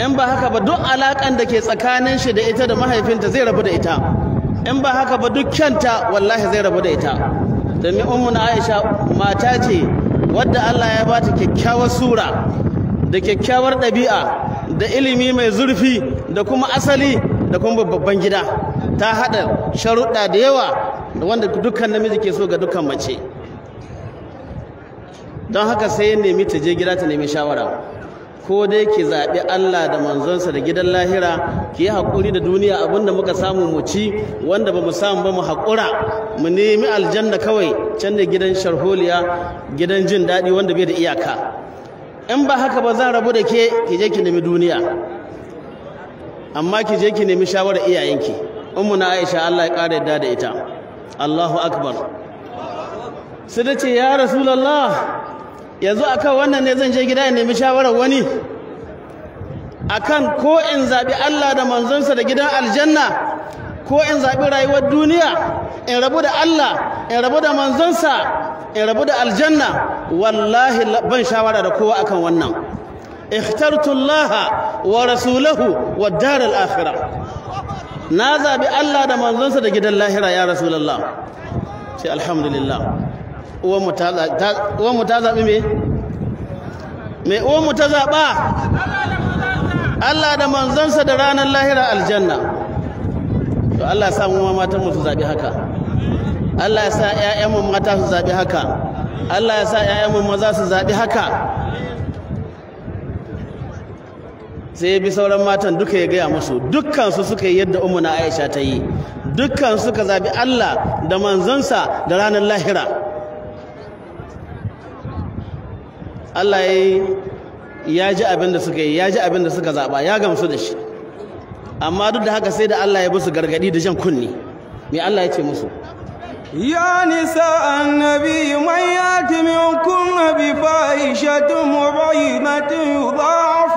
in ba haka ba duk alaƙan da ke tsakanin shi da ita da mahaifinta zai rabu da ita in ba haka ba duk kyanta wallahi zai rabu da ita domin umun aisha mata ce wadda Allah ya bata kyakkyawar sura da kyakkyawar ɗabi'a da ilimi mai zurfi da kuma asali da kuma babban gida ta haɗa sharuɗa da yawa wanda dukkan namiji ke so ga dukkan mace don haka sai ya nemi ta je gida ta nemi shawara ko dai ki zaɓi Allah da manzonsa da gidan lahira ki yi haƙuri da duniya abinda muka samu mu ci wanda ba mu samu ba mu haƙura mu nemi aljanna kawai can da gidan sharholiya gidan jin daɗi wanda bai da iyaka in ba haka ba zan rabu da ke ki je ki nemi duniya amma ki je ki nemi shawarar iyayenki ummu na Aisha Allah ya ƙara yadda da ita Allahu akbar sai ce ya rasulullah yanzu akan wannan ne zan je gida in nemi shawarar wani akan ko in zaɓi Allah da manzonsa da gidan aljanna ko in zaɓi rayuwar duniya in rabu da Allah in rabu da manzonsa in rabu da aljanna wallahi ban shawara da kowa akan wannan Iftartullaha wa rasulahu wa dar akhirah na zaɓi Allah da manzonsa da gidan lahira ya rasulullah sai alhamdulillah uwanmu ta zaɓi me? me uwanmu ta zaɓa Allah da manzansa da ranar lahira aljanna to Allah ya samu ma matanmu su zaɓi haka Allah ya sa 'ya'yanmu mata su zaɓi haka Allah ya sa 'ya'yanmu maza su zaɓi haka sai bi sauran matan duka ya gaya musu dukkansu suka yi yadda umuna aisha ta yi dukkan suka zabi Allah da manzansa da ranar lahira Allah ya ji abin da suka yi ya ji abin da suka zaɓa ya gamsu da shi amma duk da haka sai da Allah ya su gargadi da jan kunni me Allah ya ce musu يا نساء النبي من يات منكن بفاحشة مبينة يضاعف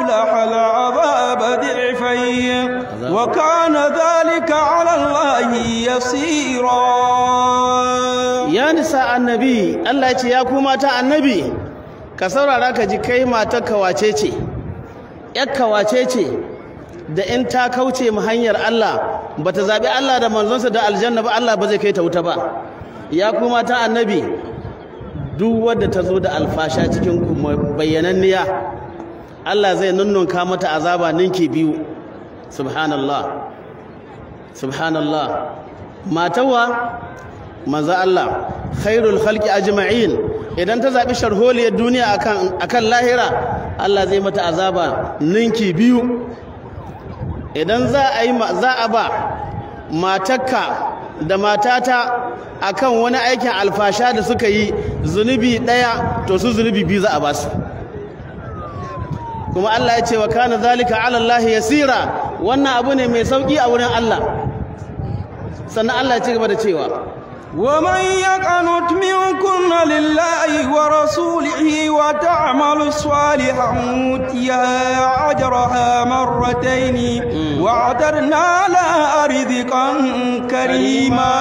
ka saurara ka ji kai mata kawace ce yak kawace ce da in ta kauce mu hanyar Allah bata zabi Allah da manzonsa da aljanna ba Allah ba zai kai ta wuta ba ya kuma ta annabi duk wanda ta zo da alfasha cikin bayyananniya Allah zai nunnunka mata azaba ninki biyu subhanallah subhanallah matawa manzo Allah khairul khalqi ajma'in idan ta zabi sharholiyar duniya akan akan lahira Allah zai mata azaba ninki biyu idan za a yi za a ba matakka da matata akan wani aikin alfasha da suka yi zunubi daya to su zunubi biyu za a ba su kuma Allah ya ce wa kana zalika ala Allah yasira wannan abu ne mai sauki a wurin Allah sannan Allah ya ci gaba da cewa ومن يقنت منكن لله ورسوله وتعمل صالحا نؤتيها أجرها مرتين وأعترنا لها رزقا كريما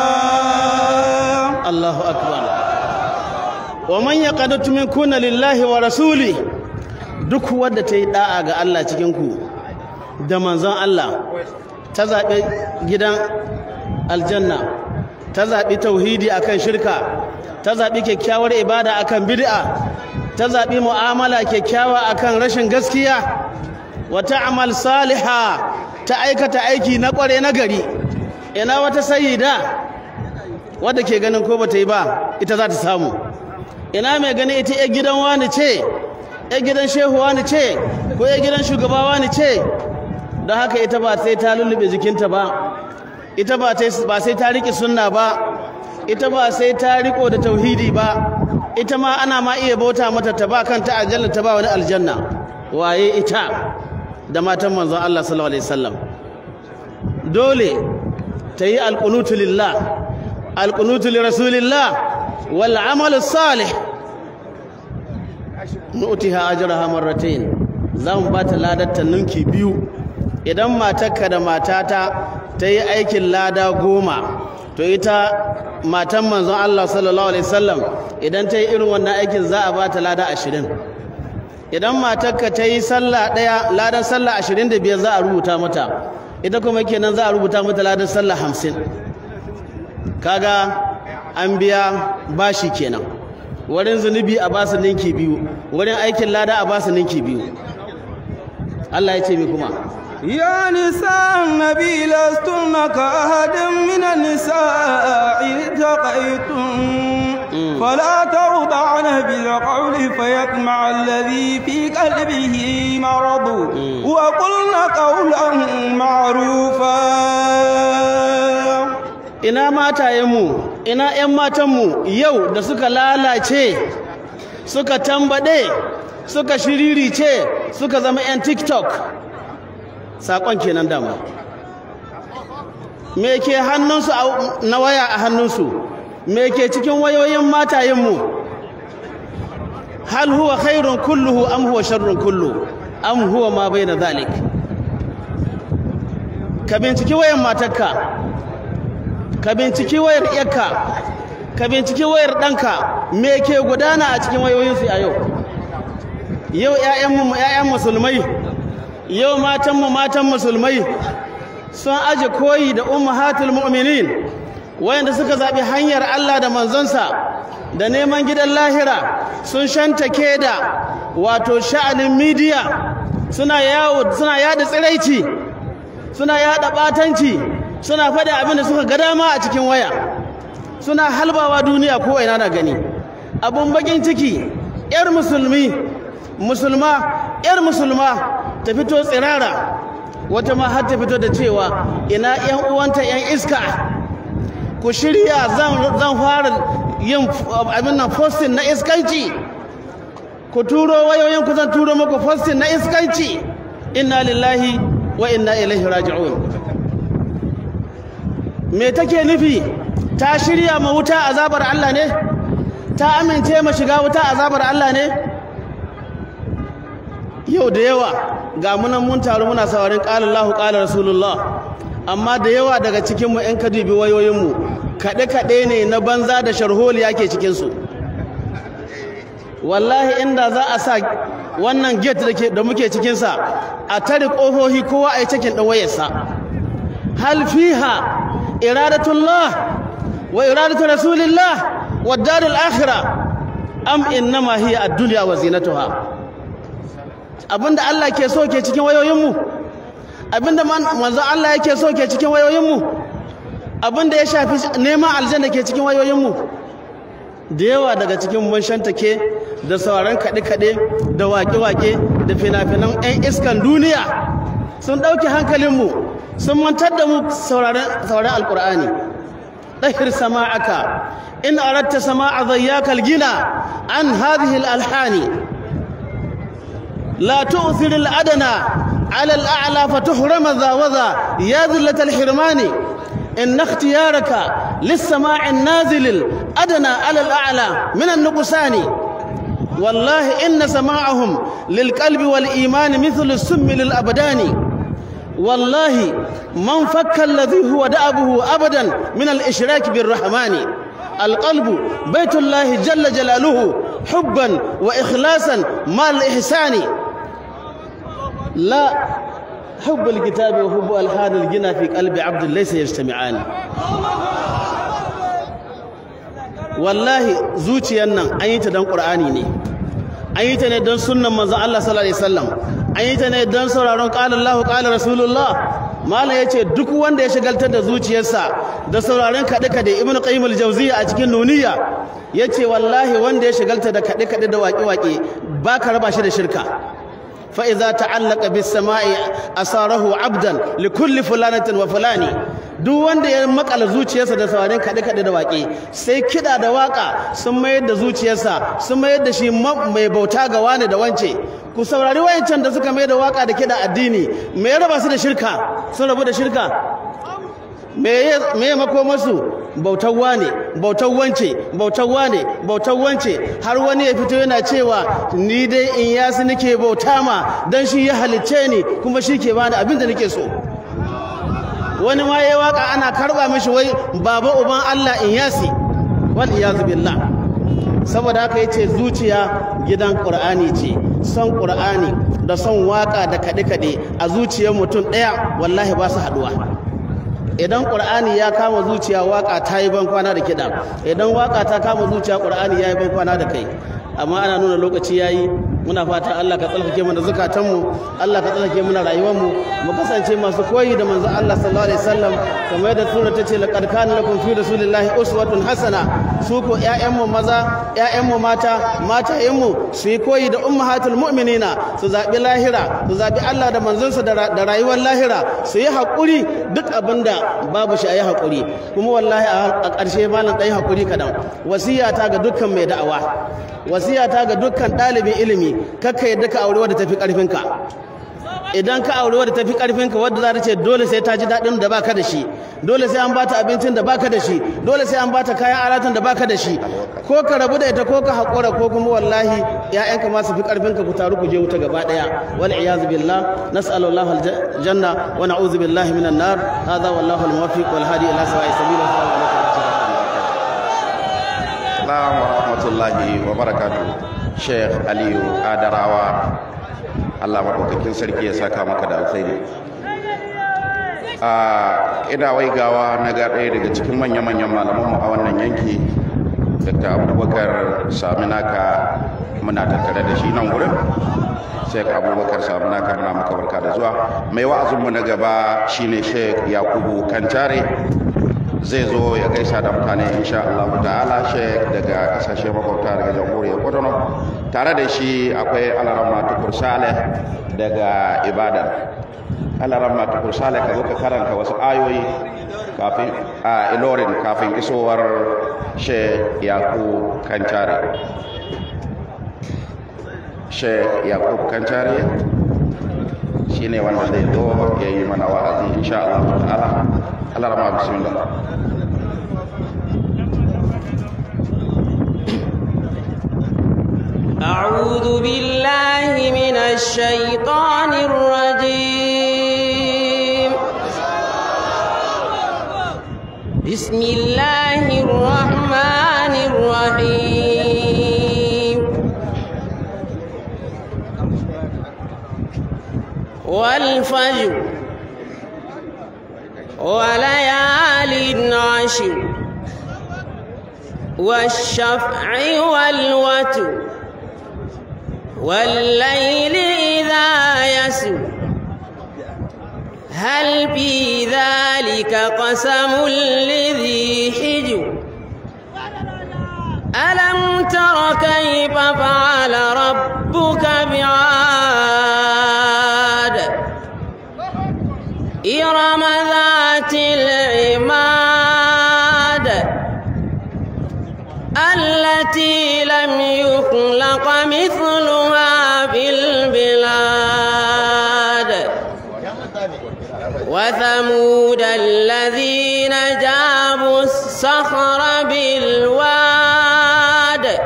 الله أكبر ومن يقنت منكن لله ورسوله duk wadda ta yi da'a ga Allah cikinku da manzon Allah ta zaɓi gidan aljanna ta zaɓi tauhidi a kan shirka ta zaɓi kyakkyawar ibada a kan bid'a ta zaɓi mu'amala kyakkyawa a kan rashin gaskiya Wata Amal saliha ta aikata aiki na ƙware na gari ina wata sayida wadda ke ganin ko bata yi ba ita za ta samu ina mai gani ita ya gidan wani ce ya gidan shehu wani ce ko ya gidan shugaba wani ce don haka ita ba sai ta lullube jikinta ba ita ba sai ta riƙe sunna ba ita ba sai ta riko da tauhidi ba ita ma ana ma iya bauta mata ta ba kanta aljanna ta ba wani aljanna waye ita da matan manzon Allah sallallahu alaihi wasallam dole ta yi alqunutu lillah alqunutu li rasulillah wal amalu salih nu'tiha ajraha marratayn zan ba ta ladar ninki biyu idan matarka da matata ta yi aikin lada goma to ita matan manzon Allah sallallahu alaihi wasallam idan ta yi irin wannan aikin za a ba ta lada ashirin idan matarka ta yi sallah ɗaya ladan sallah ashirin da biyar za a rubuta mata ita kuma kenan za a rubuta mata ladan sallah hamsin kaga an biya bashi kenan wurin zunubi a basu ninki biyu wurin aikin lada a basu ninki biyu Allah ya ce mi kuma يا نساء النبي لستن كأحد من النساء التقيتن فلا ترضعن بالقول فيطمع الذي في قلبه مرض وقلن قولا معروفا ina matayenmu ina 'yan matanmu yau da suka lalace suka tambaɗe suka shiririce suka zama 'yan tiktok saƙon kenan dama me ke hannunsu na waya a hannunsu me ke cikin wayoyin matayenmu hal huwa khairun kulluhu am huwa sharrun kullu am huwa ma baina zalik ka binciki wayar matarka ka binciki wayar iyarka ka binciki wayar ɗanka me ke gudana a cikin wayoyinsu a yau yau 'ya'yan musulmai yau matanmu matan musulmai sun aje koyi da ummahatul mu'minin wayanda suka zaɓi hanyar Allah da manzonsa da neman gidan lahira sun shantake da wato sha'anin midiya suna yawo suna yada tsiraici suna yada batanci suna faɗi abin da suka ga dama a cikin waya suna halbawa duniya ko ina na gani abun bakin ciki yar musulmi musulma yar musulma ta fito tsirara wata ma har ta fito da cewa ina yan uwanta yan iska ku shirya zan zan fara yin abin nan posting na iskanci ku turo wayoyin ku zan turo muku posting na iskanci inna lillahi wa inna ilaihi raji'un me take nufi ta shirya ma wuta azabar Allah ne ta amince ma shiga wuta azabar Allah ne yau da yawa ga munan mun taru muna saurin qala Allah qala Rasulullah amma da yawa daga cikin mu in wayoyinmu kaɗe kaɗe ne na banza da sharholi yake cikinsu. wallahi inda za a sa wannan gate da muke cikinsa, a tare kofofi kowa a yi cikin dan wayarsa hal fiha iradatullah wa iradatu rasulillah wa darul akhirah am innama hiya ad-dunya wa zinatuha abinda Allah ke so ke cikin wayoyinmu abinda manzon Allah yake so ke cikin wayoyinmu abinda ya shafi neman aljanna ke cikin wayoyinmu da yawa daga cikin mun ke da sauran kaɗe-kaɗe da waƙe-waƙe da fina-finan 'yan iskan duniya sun ɗauki hankalinmu sun mantar da mu sauraron alƙur'ani ɗahir sama'aka in aratta sama'a zayyakal gina an hadhihi alhani لا تؤثر الأدنى على الأعلى فتحرم ذا وذا يا ذلة الحرمان إن اختيارك للسماع النازل الأدنى على الأعلى من النقصان والله إن سماعهم للقلب والإيمان مثل السم للأبدان والله من فك الذي هو دأبه أبدا من الإشراك بالرحمن القلب بيت الله جل جلاله حبا وإخلاصا مع الإحسان لا حب الكتاب وحب الحاد الجنى في قلب عبد ليس يجتمعان wallahi zuciyar nan an yi ta don ƙur'ani ne an yi ta ne don sunnan manzon Allah sallallahu alaihi an yi ta ne don sauraron qala Allah qala Rasulullah malam yace duk wanda ya shigaltar da zuciyarsa da sauraron kaɗe kaɗe Ibn Qayyim al a cikin Nuniya yace wallahi wanda ya shigalta da kaɗe kaɗe da waƙe waƙe ba ka raba shi da shirka فإذا تعلق بالسماء أصاره عبدا لكل فلانة وفلاني duk wanda ya makala zuciyarsa da sauran kaɗe-kaɗe da waƙe sai kiɗa da waƙa sun mayar da zuciyarsa sun mayar da shi mai bauta ga wane da wance ku saurari wayancan da suka mayar da waƙa da kiɗa addini me ya raba su da shirka sun rabu da shirka me ya masu? bautar wane bautar wance bautar wane bautar wance har wani ya fito yana cewa ni dai in yasi nake bauta ma dan shi ya halicce ni kuma shi ke bani abin da nake so wani ma ya waka ana karba mishi wai baba uban Allah in yasi wal iyazu billah saboda haka yace zuciya gidan Qur'ani ce son Qur'ani da son waka da kaɗe-kaɗe a zuciyar mutum ɗaya wallahi ba su haduwa idan qur'ani ya kama zuciya waka ta yi ban kwana da kiɗa idan waka ta kama zuciya qur'ani ya yi ban kwana da kai amma ana nuna lokaci yayi muna fata Allah ka tsarkake mana zukatanmu Allah ka tsarkake mana rayuwarmu mu kasance masu koyi da manzo Allah sallallahu alaihi wasallam kamar yadda sura ta ce laqad kana lakum fi rasulillahi uswatun hasana su ko mu maza mu mata mu su yi koyi da ummahatul mu'minina su zabi lahira su zabi Allah da sa da rayuwar lahira su yi hakuri duk abinda babu shi ayi hakuri kuma wallahi a ƙarshe malam dai hakuri kadan wasiya ta ga dukkan mai da'awa wasiyata ga dukkan ɗalibin ilimi kakka yadda ka aure wadda tafi ƙarfinka idan ka aure wadda tafi ƙarfinka wadda za ta ce dole sai ta ji daɗin da baka da shi dole sai an bata abincin da baka da shi dole sai an bata kayan alatun da baka da shi ko ka rabu da ita ko ka haƙura ko kuma wallahi ya'yanka ma su fi ƙarfinka ku taru ku je wuta gaba ɗaya wal iyaz billah nas'alu Allah janna wa na'udzu billahi minan nar hadha wallahu al muwaffiq wal hadi ila sawa'i sabil wa sallallahu alaihi wa sallam rahmatullahi wa barakatu sheikh aliyu adarawa allah maɗaukakin sarki ya saka maka da alkhairi ah, ina gawa na ga ɗaya daga cikin manya-manyan malamanmu a wannan yanki ta abubakar naka muna tattare da shi nan wurin sheikh abubakar naka muna maka barka da zuwa mai wa'azinmu na gaba shine sheikh yakubu kancare zai zo ya gaisa da mutane insha Allah ta'ala shek daga kasashe makwabta daga jamhuriyar Kwatano tare da shi akwai alarama tukur saleh daga ibadan alarama tukur saleh ka zo ka karanta wasu ayoyi kafin a ilorin kafin isowar shek yaku kancare shek yaku kancare shine wanda zai zo ya yi mana wa'azi insha Allah ta'ala الله بسم الله أعوذ بالله من الشيطان الرجيم بسم الله الرحمن الرحيم والفجر وليالي عشر والشفع والوتر والليل إذا يسر هل في ذلك قسم لذي حجر ألم تر كيف فعل ربك بعاد إرم ذات العماد التي لم يخلق مثلها في البلاد وثمود الذين جابوا الصخر بالواد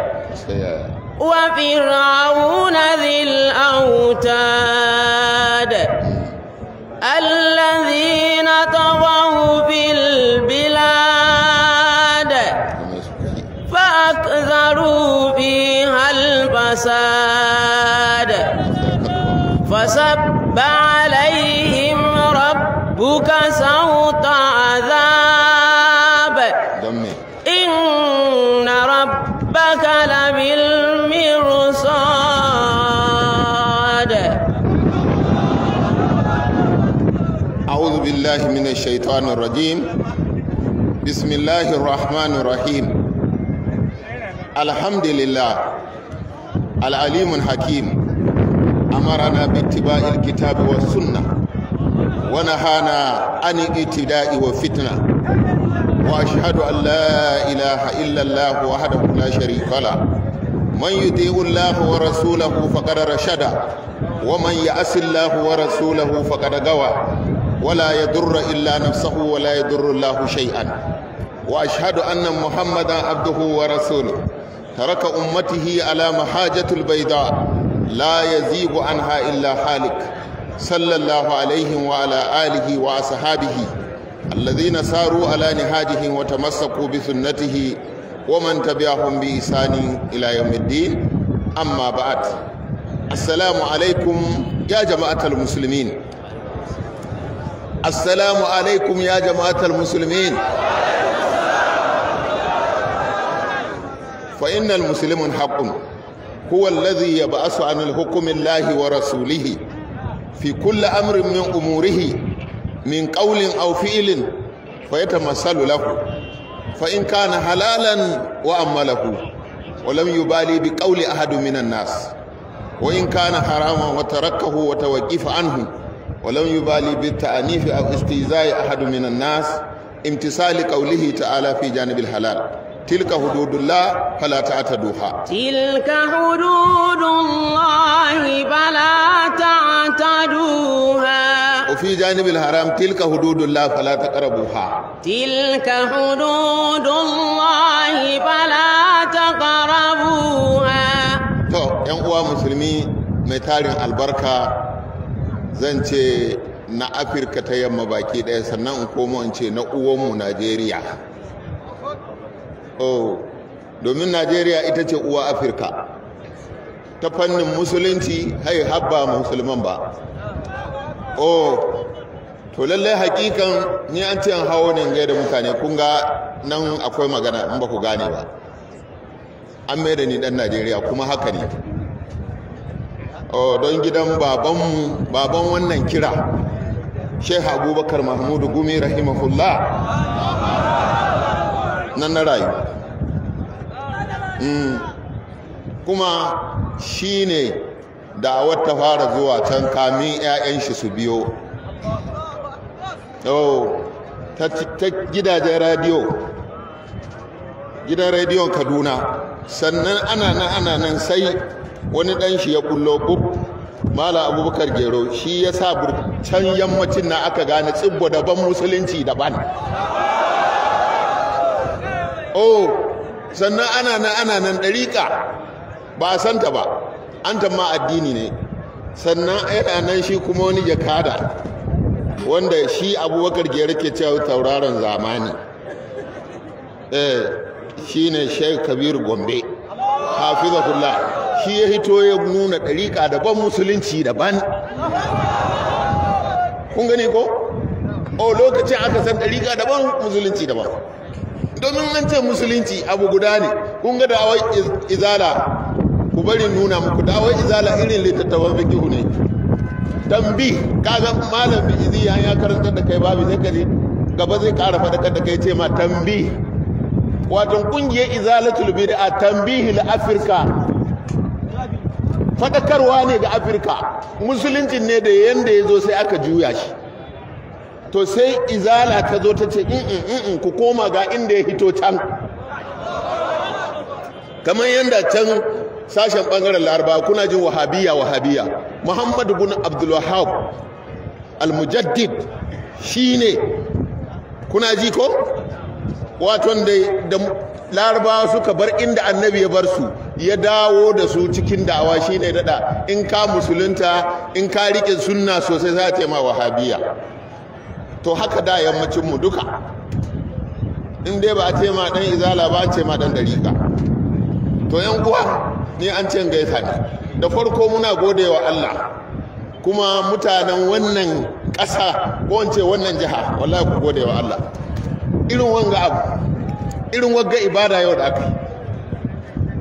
وفرعون ذي الأوتاد الذين طغوا في البلاد فأكثروا فيها الفساد فسب عليهم ربك سوط عذاب الشيطان الرجيم بسم الله الرحمن الرحيم الحمد لله العليم الحكيم أمرنا باتباع الكتاب والسنة ونهانا عن الابتداء وفتنة وأشهد أن لا إله إلا الله وحده لا شريك له من يطيع الله ورسوله فقد رشد ومن يعص الله ورسوله فقد غوى ولا يضر إلا نفسه ولا يضر الله شيئا وأشهد أن محمدا عبده ورسوله ترك أمته على محاجة البيضاء لا يزيغ عنها إلا حالك صلى الله عليه وعلى آله وأصحابه الذين ساروا على نهاجه وتمسكوا بسنته ومن تبعهم بإحسان إلى يوم الدين أما بعد السلام عليكم يا جماعة المسلمين assalamu alaikum ya jama'atar musulmin fa innal muslimun haqqun huwa alladhi yab'asu 'anil hukmi Allahi wa rasulihi fi kulli amrin min umurihi min qawlin aw fi'lin fayatamassalu lahu fa in kana halalan wa amalahu wa lam yubali bi qawli ahadin minan nas wa in kana haraman wa tarakahu wa tawaqqifa anhu ولم يبالي بالتأنيف أو استيزاء أحد من الناس امتثال قوله تعالى في جانب الحلال تلك حدود الله فلا تعتدوها تلك حدود الله فلا تعتدوها وفي جانب الحرام تلك حدود الله فلا تقربوها تلك حدود الله فلا تقربوها تو يا uwa musulmi mai tarin albarka zan ce na afirka ta yamma baki daya sannan in komo in ce na uwanmu najeriya oh domin najeriya ita ce uwa afirka ta fannin musulunci hai habba musulman ba oh to lallai hakikan ni an ce an hawo ne da mutane kun ga nan akwai magana in ba ku gane ba an mai da ni dan najeriya kuma haka ne don gidan baban wannan kira sheikh abubakar mahmudu gumi rahimahullah nan na rayu hmm. kuma shi ne da wata fara zuwa can kamin 'ya'yan shi su biyo ta gidajen radiyo gidan radiyon kaduna sannan ana nan ana nan sai wani dan shi ya kullo bub mala abubakar gero shi ya sa can yammacin na aka gane tsibbo daban musulunci daban oh sannan ana nan ana nan ɗariƙa ba a santa ba an tamma addini ne sannan yana nan shi kuma wani jakada wanda shi abubakar gero ke cewa tauraron zamani eh ne sheikh Kabiru gombe hafizahullah shi ya hito ya nuna ɗariƙa daban musulunci daban kun gani ko o lokacin aka san ɗariƙa daban musulunci daban domin an ce musulunci abu guda ne kun ga dawai izala ku bari nuna muku dawai izala irin littattafan fikihu ne tambi kaga malam izi ya karanta da kai babu zai kare gaba zai kara fadakar da kai ce ma tambi wato kungiyar izalatul bid'a tambihi la afirka fadakarwa ne ga afirka Musulunci ne da yadda ya zo sai aka juya shi to sai izala ta zo ta ce in mm, mm, mm, ku koma ga inda ya hito can kamar yadda can sashen ɓangaren laraba kuna jin wahabiya wahabiya muhammadu bin abdulwahab al-mujaddid ne kuna ji ko waton da larabawa suka bar inda annabi ya bar su ya dawo da su cikin dawa shi ne dada in ka musulunta in ka rike sunna sosai za ta ma wahabiya to haka da yammacinmu duka in dai ba a ce ma ɗan izala ba a ce ma ɗan dariƙa to yan uwa ne an ce gaisa ne da farko muna godewa Allah kuma mutanen wannan ƙasa ko wance wannan jiha wallahi ku godewa Allah irin wanga abu irin wagga ibada yau da aka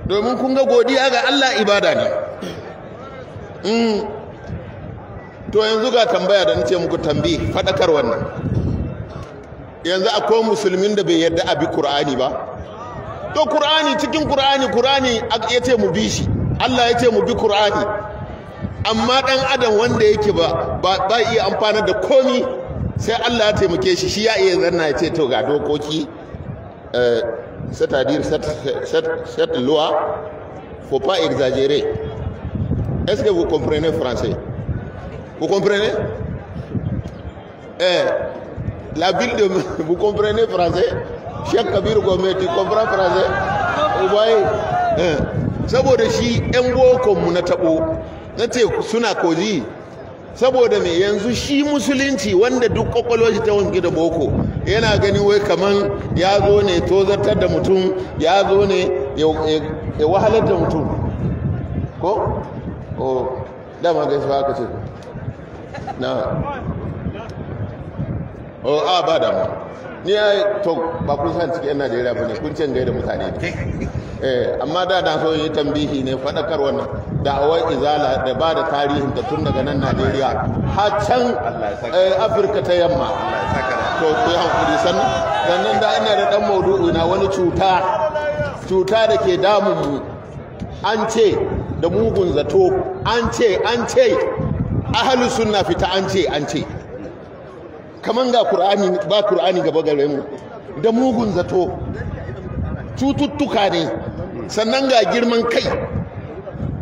domin kun ga godiya ga Allah ibada ne mm. to yanzu ga tambaya da nace muku tambi fadakar wannan yanzu akwai musulmin da bai yarda a bi qur'ani ba to qur'ani cikin qur'ani qur'ani yace mu bi shi Allah yace mu bi qur'ani amma dan adam wanda yake ba ba iya amfana da komi sai Allah ya taimake shi shi ya iya zanna ya ce to ga dokoki c'est eh, à dire cette, loi, il loi faut pas exagérer est-ce que vous comprenez français vous comprenez eh, la ville de vous comprenez français Cheikh Kabir Gomé tu comprends français vous voyez eh. saboda shi en boko mu na tabo na suna koji saboda me yanzu shi musulunci wanda duk kwakwalwar shi ta wanke da boko yana gani wai kaman ya zo ne tozartar da mutum ya zo ne ya wahalar da mutum ko? ko dama shi haka ce na o a ba dama ni ya to ba kun san cikin yan najeriya ba ne kun can da mutane eh amma da na so yi tambihi ne fadakar wannan da'awar izala da ba da tarihin ta tun daga nan najeriya har can eh, afirka ta yamma to ku yi hankuri sannan sannan da ina da dan maudu'i na wani cuta cuta da ke damun mu an ce da mugun zato an ce an ce ahalus sunna fita an ce an ce kaman ga Kur'ani ba Kur'ani gaba ga mu da mugun zato cututtuka ne sannan ga girman kai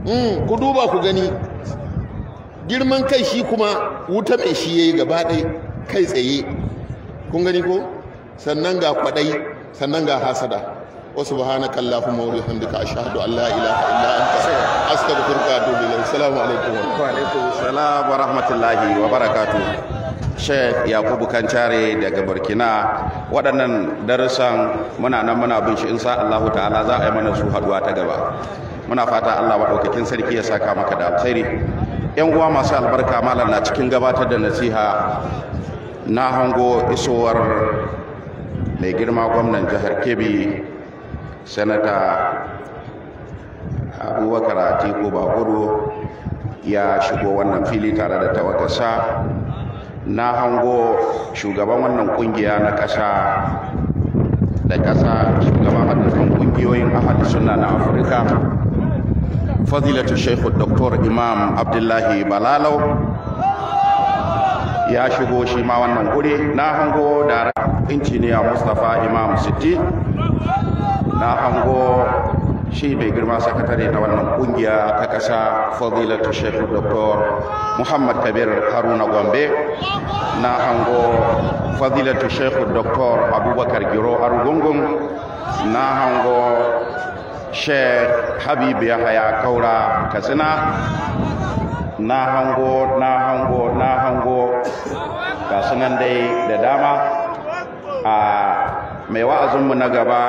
mm, ku duba ku gani girman kai shi kuma wuta mai shi yayi gaba ɗai kai tsaye kun gani ko sannan ga kwadai sannan ga hasada wa subhanaka allahumma wa bihamdika ashhadu an la ilaha illa anta astaghfiruka wa atubu ilaik assalamu alaikum wa alaikum assalam wa rahmatullahi wa barakatuh sheikh yakubu kancare daga burkina waɗannan darussan muna nan muna bin shi sa allahu ta'ala za a yi mana su haduwa ta gaba muna fata allah maɗaukakin sarki ya saka maka da alkhairi yan uwa masu albarka malam na cikin gabatar da nasiha na hango isowar mai girma gwamnan jihar kebbi sanata abubakar atiku bakuru ya shigo wannan fili tare da tawagarsa na hango shugaban wannan kungiya na kasa, da kasa shugaban haɗin kungiyoyin ahal suna na afirka fazilatu shaikhu Dr imam abdullahi balalau ya shigo shi ma wannan guri na hango da injiniya mustapha imam Siti, na hango shi mai girma sakatare na wannan kungiya ta ƙasa fadilatu shehu dr muhammad kabir haruna gombe na hango fadilatu shehu dr abubakar giro arugungun na hango sheikh habib yahaya kaura katsina na hango na hango na hango ga sunan dai da dama a mai wa'azinmu na gaba